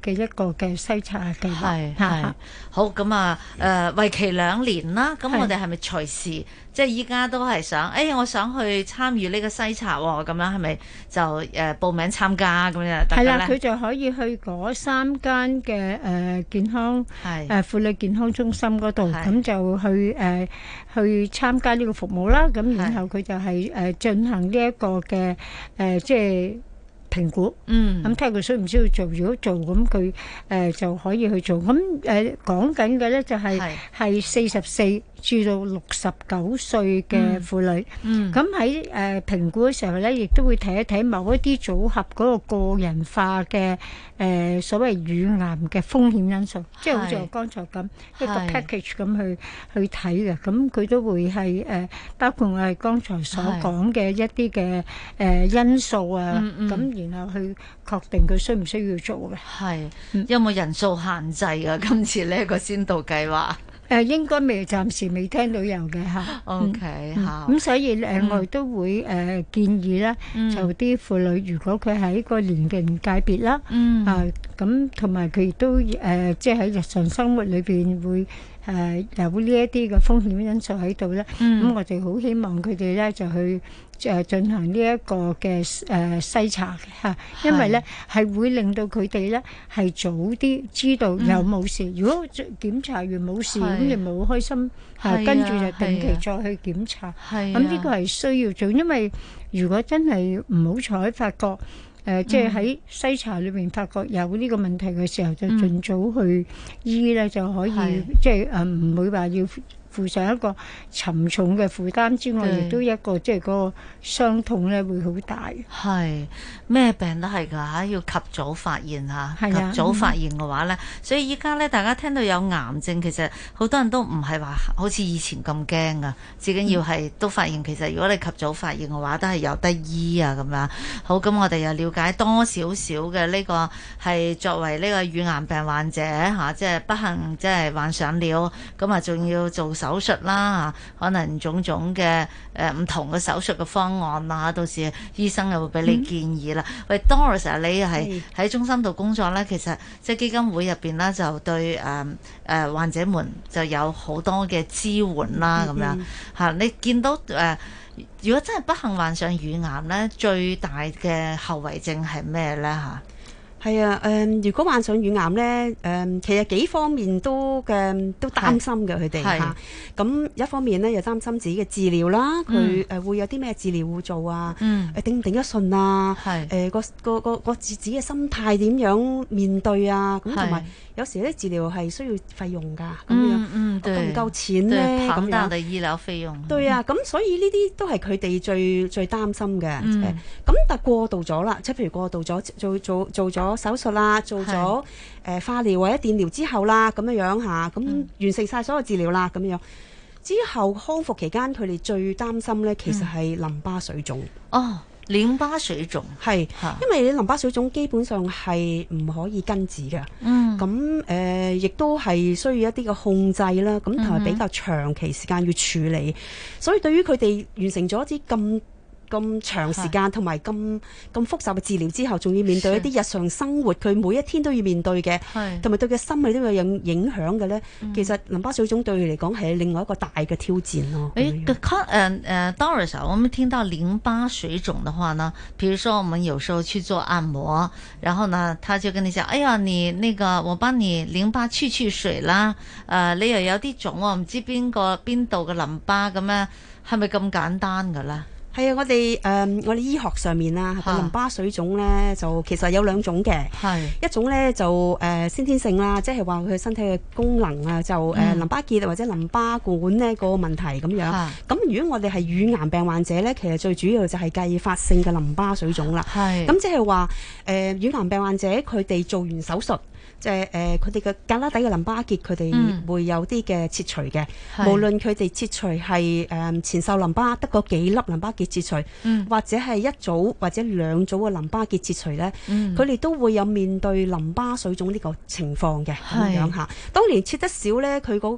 嘅一個嘅西察，計劃，係係好咁啊！誒、呃、為期兩年啦，咁我哋係咪隨時即係依家都係想？誒、哎、我想去參與呢個西察、哦，咁樣係咪就誒、呃、報名參加咁樣？係啦、啊，佢就可以去嗰三間嘅誒健康係誒婦女健康中心嗰度，咁就去誒、呃、去參加呢個服務啦。咁然後佢就係誒進行呢一個嘅誒、呃、即係。評估，嗯，咁睇下佢需唔需要做，如果做，咁佢誒就可以去做。咁誒講緊嘅咧就係係四十四，至到六十九歲嘅婦女，咁喺誒評估嘅時候咧，亦都會睇一睇某一啲組合嗰個個人化嘅誒、呃、所謂乳癌嘅風險因素，即係好似我剛才咁一個 package 咁去去睇嘅。咁佢都會係誒、呃、包括我哋剛才所講嘅一啲嘅誒因素啊，咁、呃嗯、然後去確定佢需唔需要做嘅。係、嗯、有冇人數限制啊？嗯、今次呢個先導計劃。誒、呃，應該未，暫時未聽到有嘅吓。O K 吓，咁、嗯嗯、所以誒，另外都會誒、嗯呃、建議咧，就啲婦女，如果佢喺個年齡界別啦、嗯，啊咁，同埋佢亦都誒、呃，即係喺日常生活裏邊會。誒、呃、有呢一啲嘅風險因素喺度咧，咁、嗯、我哋好希望佢哋咧就去誒、呃、進行呢一個嘅誒篩查嚇、啊，因為咧係會令到佢哋咧係早啲知道有冇事，嗯。如果檢查完冇事，咁你咪好開心跟住、啊、就定期再去檢查。咁呢、啊、個係需要做，因為如果真係唔好彩發覺。誒、呃，即係喺篩查裏面、嗯、發覺有呢個問題嘅時候，就盡早去醫咧、嗯，就可以是即係誒，唔會話要。負上一個沉重嘅負擔之外，亦都一個即係嗰個傷痛咧，會好大。係咩病都係㗎，要及早發現嚇、啊。及早發現嘅話咧、嗯，所以依家咧，大家聽到有癌症，其實好多人都唔係話好似以前咁驚㗎。至緊要係、嗯、都發現，其實如果你及早發現嘅話，都係有得醫啊咁樣。好咁，那我哋又了解多少少嘅呢、呢個係作為呢個乳癌病患者嚇，即、啊、係、即係、不幸即係患上了，咁啊仲要做。手術啦，可能種種嘅誒唔同嘅手術嘅方案啦，到時醫生又會俾你建議啦。嗯、喂，Doris，、啊、你係喺、嗯、中心度工作呢？其實即係基金會入邊呢，就對誒誒、呃呃、患者們就有好多嘅支援啦，咁樣吓、嗯啊。你見到誒、呃，如果真係不幸患上乳癌呢，最大嘅後遺症係咩呢？吓、啊？係啊，誒、嗯，如果患上乳癌咧，誒、嗯，其實幾方面都嘅、嗯、都擔心嘅佢哋嚇。咁、啊、一方面咧又擔心自己嘅治療啦，佢、嗯、誒、呃、會有啲咩治療會做啊？誒、嗯，頂唔頂得順啊？誒、呃，個個個個自自己嘅心態點樣面對啊？咁同埋。有時咧治療係需要費用噶，咁、嗯、樣，都、嗯、唔夠錢咧咁樣。龐大的醫療費用。對啊，咁、嗯、所以呢啲都係佢哋最最擔心嘅。咁、嗯欸、但過度渡咗啦，即係譬如過渡咗做做做咗手術啊，做咗誒、呃、化療或者電療之後啦，咁樣樣嚇，咁、嗯、完成晒所有治療啦，咁樣之後康復期間，佢哋最擔心咧，其實係淋巴水腫。哦、嗯。嗯淋巴水腫係，因為你淋巴水腫基本上係唔可以根治嘅，咁誒亦都係需要一啲嘅控制啦，咁同埋比較長期時間要處理，嗯、所以對於佢哋完成咗一支咁。咁長時間同埋咁咁複雜嘅治療之後，仲要面對一啲日常生活，佢每一天都要面對嘅，同埋對佢心理都有影影響嘅咧。其實淋巴水腫對佢嚟講係另外一個大嘅挑戰咯。誒誒 Doris 我們聽到淋巴水腫嘅話呢，譬如說我們有時候去做按摩，然後呢，他就跟你講，哎呀，你那個我幫你淋巴去去水啦。誒、呃，你又有啲腫，我唔知邊個邊度嘅淋巴咁咧，係咪咁簡單噶啦？係啊，我哋誒、呃、我哋醫學上面啊，淋巴水腫咧就其實有兩種嘅，一種咧就誒、呃、先天性啦，即係話佢身體嘅功能啊，就誒、嗯呃、淋巴結或者淋巴管呢個問題咁樣。咁如果我哋係乳癌病患者咧，其實最主要就係繼發性嘅淋巴水腫啦。咁即係話誒乳癌病患者佢哋做完手術。即係誒，佢哋嘅胳肋底嘅淋巴結，佢哋會有啲嘅切除嘅、嗯。無論佢哋切除係誒、呃、前哨淋巴得嗰幾粒淋巴結切除，嗯、或者係一組或者兩組嘅淋巴結切除咧，佢、嗯、哋都會有面對淋巴水腫呢個情況嘅咁、嗯、樣嚇。當然切得少咧，佢嗰、那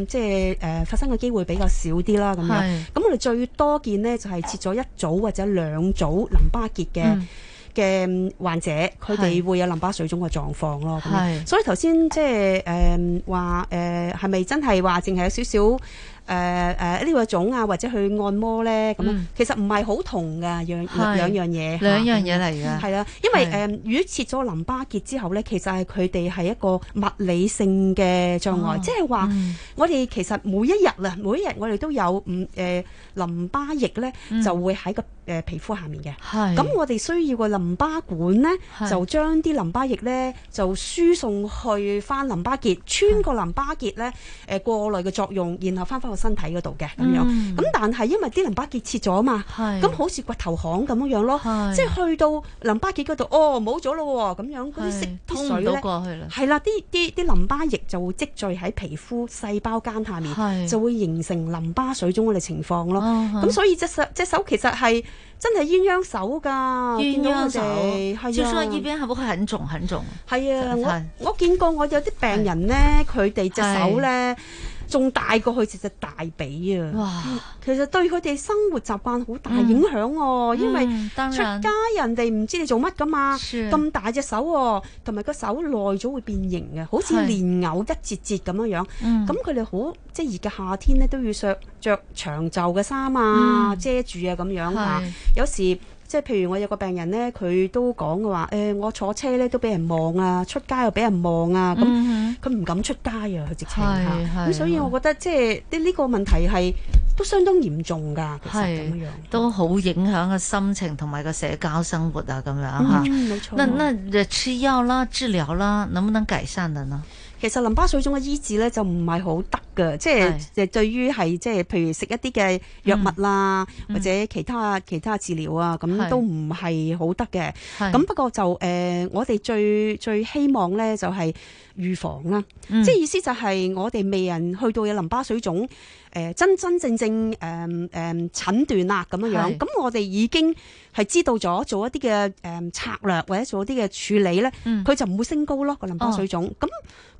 個即係誒發生嘅機會比較少啲啦咁樣。咁我哋最多見呢，就係、是、切咗一組或者兩組淋巴結嘅。嗯嘅患者佢哋會有淋巴水腫嘅狀況咯，咁樣。所以頭先即係誒話誒係咪真係話淨係有少少誒誒呢個腫啊，或者去按摩咧咁樣？其實唔係好同嘅，兩兩樣嘢。兩、啊、樣嘢嚟噶，係啦、啊，因為誒、嗯，如果切咗淋巴結之後咧，其實係佢哋係一個物理性嘅障礙，即係話，我哋其實每一日啊，每一日我哋都有唔誒、呃、淋巴液咧、嗯，就會喺個。嘅皮膚下面嘅，咁我哋需要個淋巴管咧，就將啲淋巴液咧就輸送去翻淋巴結，穿過淋巴結咧，誒、呃、過濾嘅作用，然後翻翻個身體嗰度嘅咁樣。咁、嗯、但係因為啲淋巴結切咗啊嘛，咁好似掘頭巷咁樣囉，咯，即係、就是、去到淋巴結嗰度，哦冇咗咯喎，咁樣嗰啲色通水咧，過去啦，係啦，啲啲啲淋巴液就會積聚喺皮膚細胞間下面，就會形成淋巴水腫嘅情況咯。咁所以隻手隻手其實係。真係鴛鴦手噶，鴛鴦手，所以呢邊係咪很重很重？係啊，我我見過我有啲病人咧，佢哋隻手咧。仲大過佢隻隻大髀啊！哇，其實對佢哋生活習慣好大影響喎、啊嗯，因為出街人哋唔知道你做乜噶嘛，咁、嗯、大隻手、啊，同埋個手耐咗會變形嘅，好似蓮藕一節節咁樣樣。咁佢哋好即係熱嘅夏天咧，都要着著長袖嘅衫啊、嗯，遮住啊咁樣嚇。有時。即係譬如我有一個病人咧，佢都講嘅話，誒、欸，我坐車咧都俾人望啊，出街又俾人望啊，咁佢唔敢出街啊，佢直情啊，咁所以我覺得即係啲呢個問題係都相當嚴重噶，其實咁樣都好影響個心情同埋個社交生活啊。咁樣吓。嗯，冇錯。那那吃藥啦，治療啦，能唔能改善的呢？其實淋巴水腫嘅醫治咧就唔係好得嘅，即係誒對於係即係譬如食一啲嘅藥物啦、嗯，或者其他其他治療啊，咁都唔係好得嘅。咁不過就誒、呃，我哋最最希望咧就係、是、預防啦、啊嗯，即係意思就係我哋未人去到有淋巴水腫。誒，真真正正誒誒診斷啦咁樣樣，咁我哋已經係知道咗做一啲嘅誒策略或者做一啲嘅處理咧，佢、嗯、就唔會升高咯個淋巴水腫，咁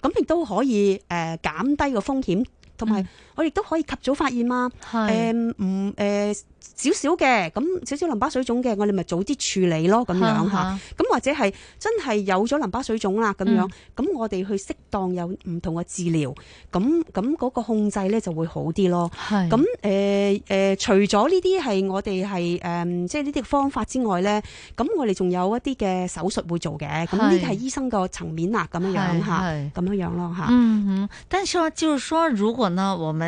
咁亦都可以誒減、呃、低個風險同埋。我哋都可以及早發現嘛？誒唔誒少少嘅咁少少淋巴水腫嘅，我哋咪早啲處理咯咁樣咁、啊啊、或者係真係有咗淋巴水腫啦咁樣，咁、嗯、我哋去適當有唔同嘅治療，咁咁嗰個控制咧就會好啲咯。咁、嗯呃呃、除咗呢啲係我哋係誒，即係呢啲方法之外咧，咁我哋仲有一啲嘅手術會做嘅。咁呢啲係醫生個層面啦，咁樣咁樣囉。咯、嗯、但係就係說如果呢，我們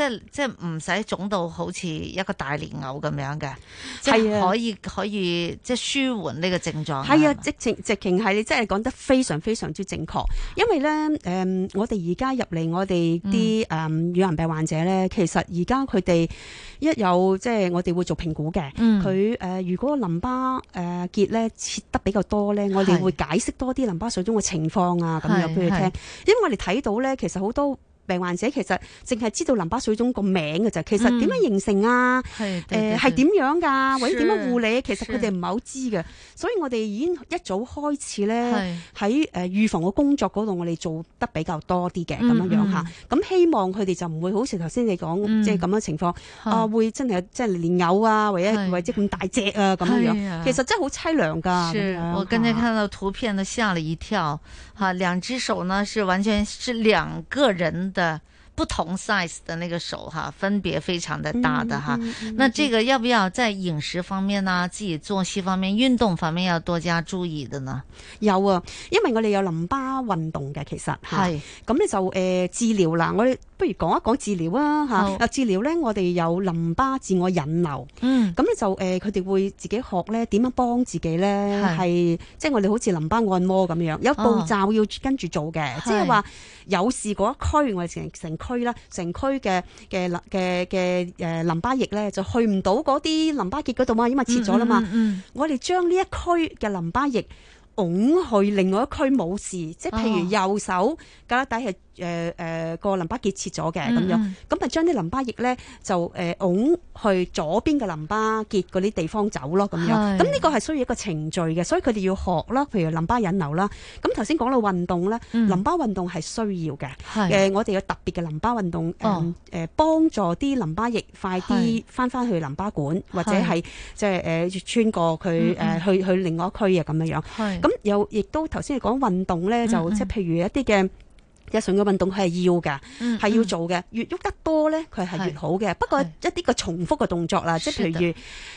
即係即係唔使腫到好似一個大蓮藕咁樣嘅，啊，即係可以可以即係舒緩呢個症狀。係啊，直情直情係，你真係講得非常非常之正確。因為咧，誒、嗯，我哋而家入嚟我哋啲誒乳癌病患者咧，其實而家佢哋一有即係我哋會做評估嘅，佢、嗯、誒、呃、如果淋巴誒結咧切得比較多咧，我哋會解釋多啲淋巴水腫嘅情況啊，咁樣俾佢聽。因為我哋睇到咧，其實好多。病患者其實淨係知道淋巴水腫個名嘅啫，其實點樣形成啊？係誒係點樣㗎？或者點樣護理？其實佢哋唔係好知嘅，所以我哋已經一早開始咧喺誒預防嘅工作嗰度，我哋做得比較多啲嘅咁樣、嗯、樣嚇。咁希望佢哋就唔會好似頭先你講即係咁樣情況、嗯、啊，會真係即係蓮藕啊，或者或者咁大隻啊咁樣樣、哎。其實真係好凄涼㗎。我跟住看到、啊、圖片，都嚇了一跳。哈，兩隻手呢是完全是兩個人的不同 size 的那個手哈，啊，分別非常的大的哈，啊。那這個要不要在飲食方面呢、啊、自己作息方面、運動方面要多加注意的呢？有啊，因為我哋有淋巴運動嘅，其實係咁、啊、你就誒、呃、治療啦，我哋。不如講一講治療啊吓，治療咧我哋有淋巴自我引流，咁、嗯、咧就誒佢哋會自己學咧點樣幫自己咧係，即係我哋好似淋巴按摩咁樣，有步驟要跟住做嘅、哦，即係話有事嗰一區，我哋成成區啦，成區嘅嘅嘅嘅誒淋巴液咧就去唔到嗰啲淋巴結嗰度嘛，因為切咗啦嘛，嗯嗯嗯，我哋將呢一區嘅淋巴液拱去另外一區冇事，即係譬如右手胳肋、哦、底係。誒誒個淋巴結切咗嘅咁樣，咁啊將啲淋巴液咧就誒㧬、呃、去左邊嘅淋巴結嗰啲地方走咯，咁樣咁呢個係需要一個程序嘅，所以佢哋要學啦，譬如淋巴引流啦。咁頭先講到運動咧、嗯，淋巴運動係需要嘅。誒、呃，我哋有特別嘅淋巴運動誒誒、哦呃呃，幫助啲淋巴液快啲翻翻去淋巴管，或者係即係誒穿過佢誒去、呃、去，去另外一區啊咁嘅樣。咁又亦都頭先講運動咧，就即係、嗯、譬如一啲嘅。日常嘅運動佢係要噶，係、嗯嗯、要做嘅。越喐得多咧，佢係越好嘅。不過一啲嘅重複嘅動作啦，即係譬如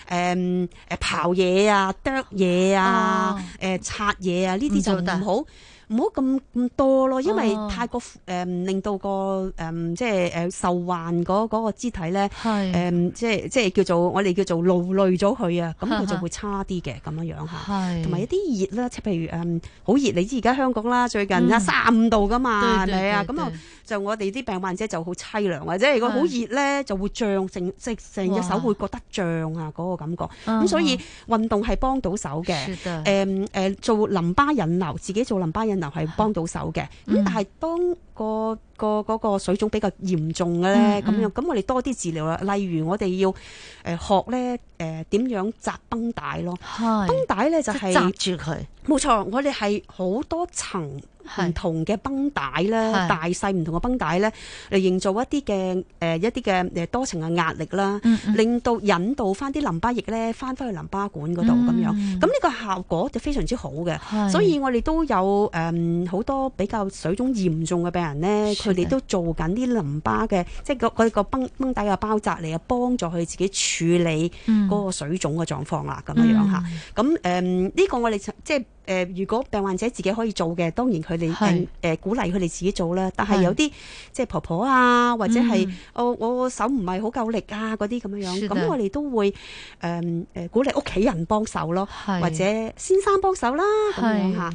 誒誒刨嘢啊、啄嘢啊、誒擦嘢啊，呢啲就唔好。唔好咁咁多咯，因為太過誒、呃，令到個誒、呃，即係誒、呃，受患嗰、那個肢體咧，誒是、呃，即係即係叫做我哋叫做勞累咗佢啊，咁佢就會差啲嘅咁樣樣吓，同埋是一啲熱啦，即譬如誒，好、嗯、熱，你知而家香港啦，最近啊三十五、嗯、度㗎嘛，對對對你啊咁啊。就我哋啲病患者就好凄涼，或者如果好熱咧，就會脹成即成隻手會覺得脹啊，嗰、那個感覺。咁、uh -huh、所以運動係幫到手嘅，誒誒、嗯呃、做淋巴引流，自己做淋巴引流係幫到手嘅。咁、嗯、但係當、那個、那個嗰、那個水腫比較嚴重嘅咧，咁、嗯嗯、樣，咁我哋多啲治療啦。例如我哋要誒、呃、學咧，誒、呃、點樣紮繃帶咯，繃帶咧就係、是、紮住佢。冇錯，我哋係好多層。唔同嘅繃帶啦，大細唔同嘅繃帶咧，嚟營造一啲嘅誒，一啲嘅誒，多層嘅壓力啦，令到引導翻啲淋巴液咧，翻翻去淋巴管嗰度咁樣。咁呢個效果就非常之好嘅，所以我哋都有誒，好、嗯、多比較水腫嚴重嘅病人咧，佢哋都做緊啲淋巴嘅，即係嗰嗰個繃繃帶嘅包紮嚟，幫助佢自己處理嗰個水腫嘅狀況啦，咁、嗯嗯、樣吓。咁誒，呢、嗯這個我哋即係。誒，如果病患者自己可以做嘅，當然佢哋誒鼓勵佢哋自己做啦。但係有啲即係婆婆啊，或者係我、哦、我手唔係好夠力啊，嗰啲咁樣樣，咁我哋都會誒誒、呃、鼓勵屋企人幫手咯，或者先生幫手啦咁樣吓。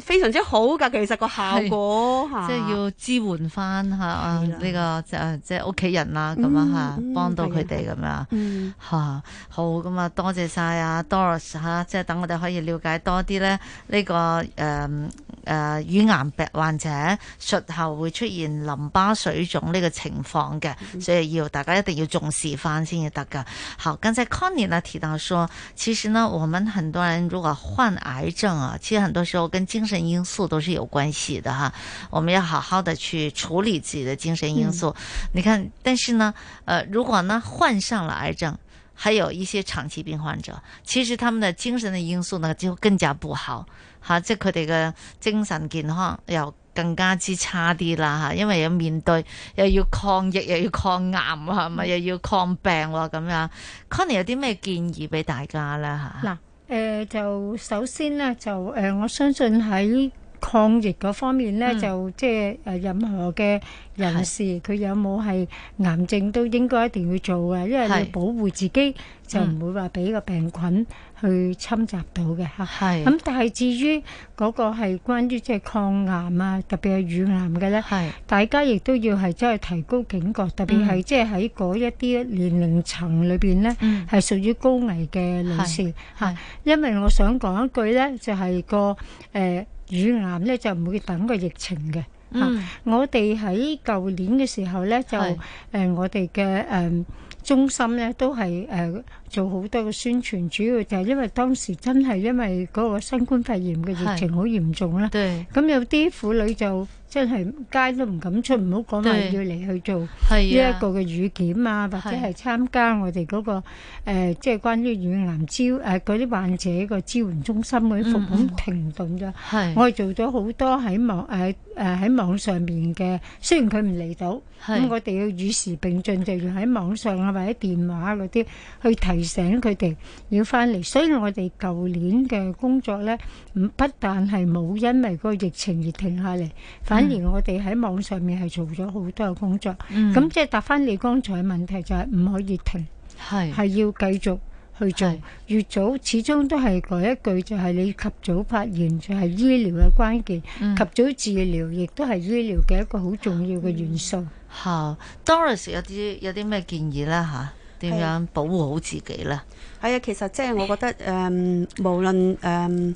非常之好噶其實個效果，是是即係要支援翻吓呢個即即係屋企人啦，咁啊吓，幫到佢哋咁樣，吓、嗯啊、好咁啊，多謝晒阿 Doris 吓，即係等我哋可以了解多啲咧，呢、這個誒誒，乳、呃、癌、呃、病患者術後會出現淋巴水腫呢個情況嘅，所以要大家一定要重視翻先至得噶。好，剛才 Connie 咧提到說，其實呢，我們很多人如果患癌症啊，其實很多時候跟精神因素都是有關係的哈，我們要好好的去處理自己的精神因素。嗯、你看，但是呢，呃，如果呢患上了癌症，還有一些長期病患者，其實他們的精神的因素呢就更加不好。即係佢哋嘅精神健康又更加之差啲啦吓，因為要面對又要抗疫，又要抗癌，係、嗯、咪又要抗病咁樣 Connie 有啲咩建議俾大家啦？吓。嗱。誒、呃，就首先咧就誒、呃，我相信喺。抗疫嗰方面咧，就即係誒任何嘅人士，佢有冇係癌症，都應該一定要做嘅，因為你要保護自己，就唔會話俾個病菌去侵襲到嘅嚇。係咁，但係至於嗰個係關於即係抗癌啊，特別係乳癌嘅咧，係大家亦都要係即係提高警覺，特別係即係喺嗰一啲年齡層裏邊咧，係屬於高危嘅女士嚇。因為我想講一句咧，就係個誒。乳癌咧就唔會等個疫情嘅，嚇、嗯啊！我哋喺舊年嘅時候咧就誒、呃，我哋嘅誒中心咧都係誒、呃、做好多個宣傳，主要就係因為當時真係因為嗰個新冠肺炎嘅疫情好嚴重啦，對，咁有啲婦女就。真係街都唔敢出，唔好講話要嚟去做呢一個嘅預檢啊，或者係參加我哋嗰個誒，即係關於乳癌招誒嗰啲患者個支援中心嗰啲服務停頓咗。我哋做咗好多喺網誒誒喺網上面嘅，雖然佢唔嚟到，咁我哋要與時並進，就要喺網上啊或者電話嗰啲去提醒佢哋要翻嚟。所以我哋舊年嘅工作咧，不但係冇因為嗰個疫情而停下嚟，反。反而我哋喺網上面係做咗好多嘅工作，咁即係答翻你剛才嘅問題，就係唔可以停，係要繼續去做。越早始終都係嗰一句，就係你及早發現就係醫療嘅關鍵，及早治療亦都係醫療嘅一個好重要嘅元素。吓，Doris 有啲有啲咩建議咧？吓，點樣保護好自己咧？係啊，其實即係我覺得誒，無論誒。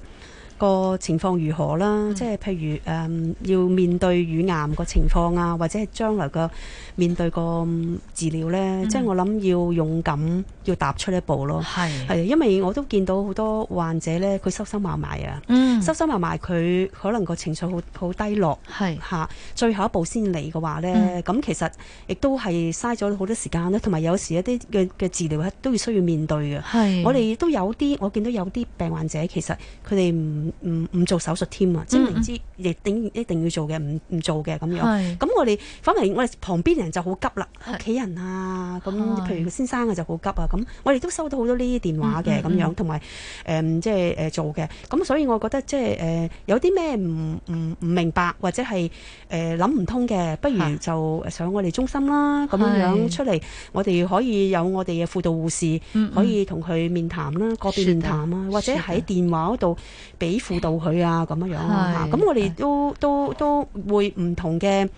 個情況如何啦？即係譬如誒，要面對乳癌個情況啊，或者係將來個面對個治療呢，即、嗯、係我諗要勇敢，要踏出一步咯。係，係，因為我都見到好多患者呢，佢收收埋埋啊，收收埋埋佢可能個情緒好好低落。係嚇，最後一步先嚟嘅話呢，咁、嗯、其實亦都係嘥咗好多時間啦。同埋有，有時一啲嘅嘅治療咧，都要需要面對嘅。係，我哋都有啲，我見到有啲病患者其實佢哋唔。唔唔做手術添啊，即係明知亦定一定要做嘅，唔、嗯、唔、嗯、做嘅咁樣。咁我哋反為我哋旁邊人就好急啦，屋企人啊，咁譬如先生啊就好急啊。咁我哋都收到好多呢啲電話嘅咁、嗯嗯嗯嗯、樣，同埋誒即係誒做嘅。咁所以我覺得即係誒、呃、有啲咩唔唔唔明白或者係誒諗唔通嘅，不如就上我哋中心啦，咁樣出嚟，我哋可以有我哋嘅輔導護士嗯嗯可以同佢面談啦，個別面談啊，或者喺電話嗰度俾。輔導佢啊，咁樣樣，咁我哋都都都會唔同嘅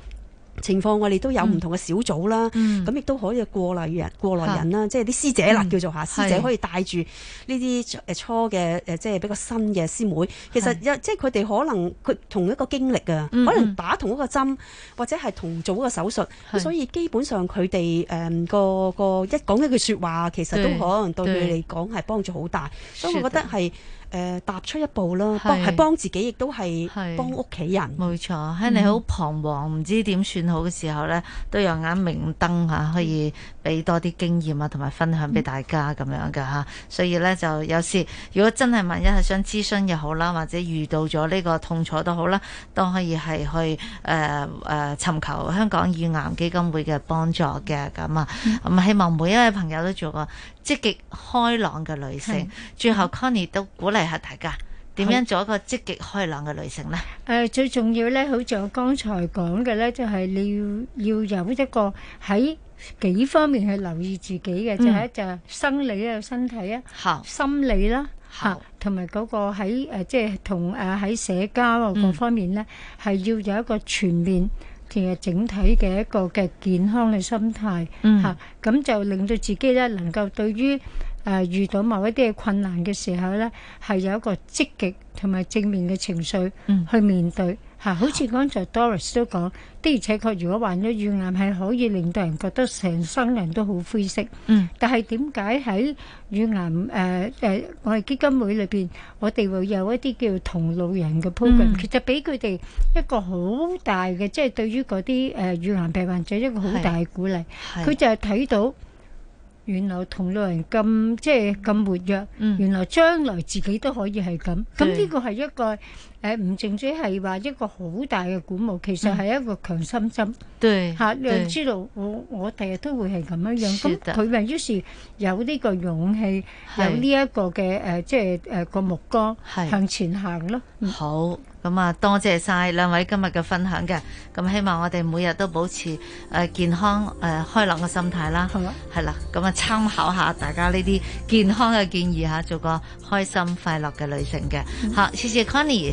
情況，我哋都有唔同嘅小組啦。咁、嗯、亦都可以過嚟人過嚟人啦、嗯，即係啲師姐啦，叫做吓、嗯、師姐，可以帶住呢啲誒初嘅誒，即係比較新嘅師妹。其實即係佢哋可能佢同一個經歷啊、嗯，可能打同一個針或者係同做一個手術，所以基本上佢哋誒個個一講一句說話，其實都可能對佢嚟講係幫助好大。所以我覺得係。誒、呃，踏出一步啦，幫係幫自己，亦都係幫屋企人。冇錯，喺你好彷徨，唔、嗯、知點算好嘅時候咧，都有盞明燈吓、啊，可以俾多啲經驗啊、同、嗯、埋分享俾大家咁樣噶吓、啊。所以咧，就有時如果真係萬一係想諮詢又好啦，或者遇到咗呢個痛楚都好啦，都可以係去誒誒尋求香港乳癌基金會嘅幫助嘅咁啊。咁、嗯、希望每一位朋友都做個積極開朗嘅女性、嗯。最後，Connie 都鼓勵。睇吓大家，點樣做一個積極開朗嘅女性咧？誒，最重要咧，好似我剛才講嘅咧，就係你要要有一個喺幾方面去留意自己嘅，就係一就係生理啊、身體啊、心理啦，吓，同埋嗰個喺誒，即係同誒喺社交啊各方面咧，係要有一個全面其實整體嘅一個嘅健康嘅心態，吓，咁就令到自己咧能夠對於。誒遇到某一啲嘅困難嘅時候咧，係有一個積極同埋正面嘅情緒去面對嚇。好似剛才 Doris 都講，的而且確，如果患咗乳癌係可以令到人覺得成生人都好灰色。嗯。但係點解喺乳癌誒誒我哋基金會裏邊，我哋會有一啲叫同路人嘅 program，其實俾佢哋一個好大嘅，即係對於嗰啲誒乳癌病患者一個好大嘅鼓勵。佢就係睇到。原來同路人咁即係咁活躍，嗯，原來將來自己都可以係咁，咁、嗯、呢個係一個。誒唔淨止係話一個好大嘅鼓舞，其實係一個強心針、嗯。對，嚇、啊、你知道我我第日都會係咁樣樣。佢咪於是有呢個勇氣，有呢一個嘅誒即係誒個目光，向前行咯。好，咁啊多謝晒兩位今日嘅分享嘅。咁希望我哋每日都保持誒、呃、健康誒、呃、開朗嘅心態啦。係咯。係啦，咁啊參考下大家呢啲健康嘅建議嚇、啊，做個開心快樂嘅旅程嘅。好、嗯，謝謝 Conny。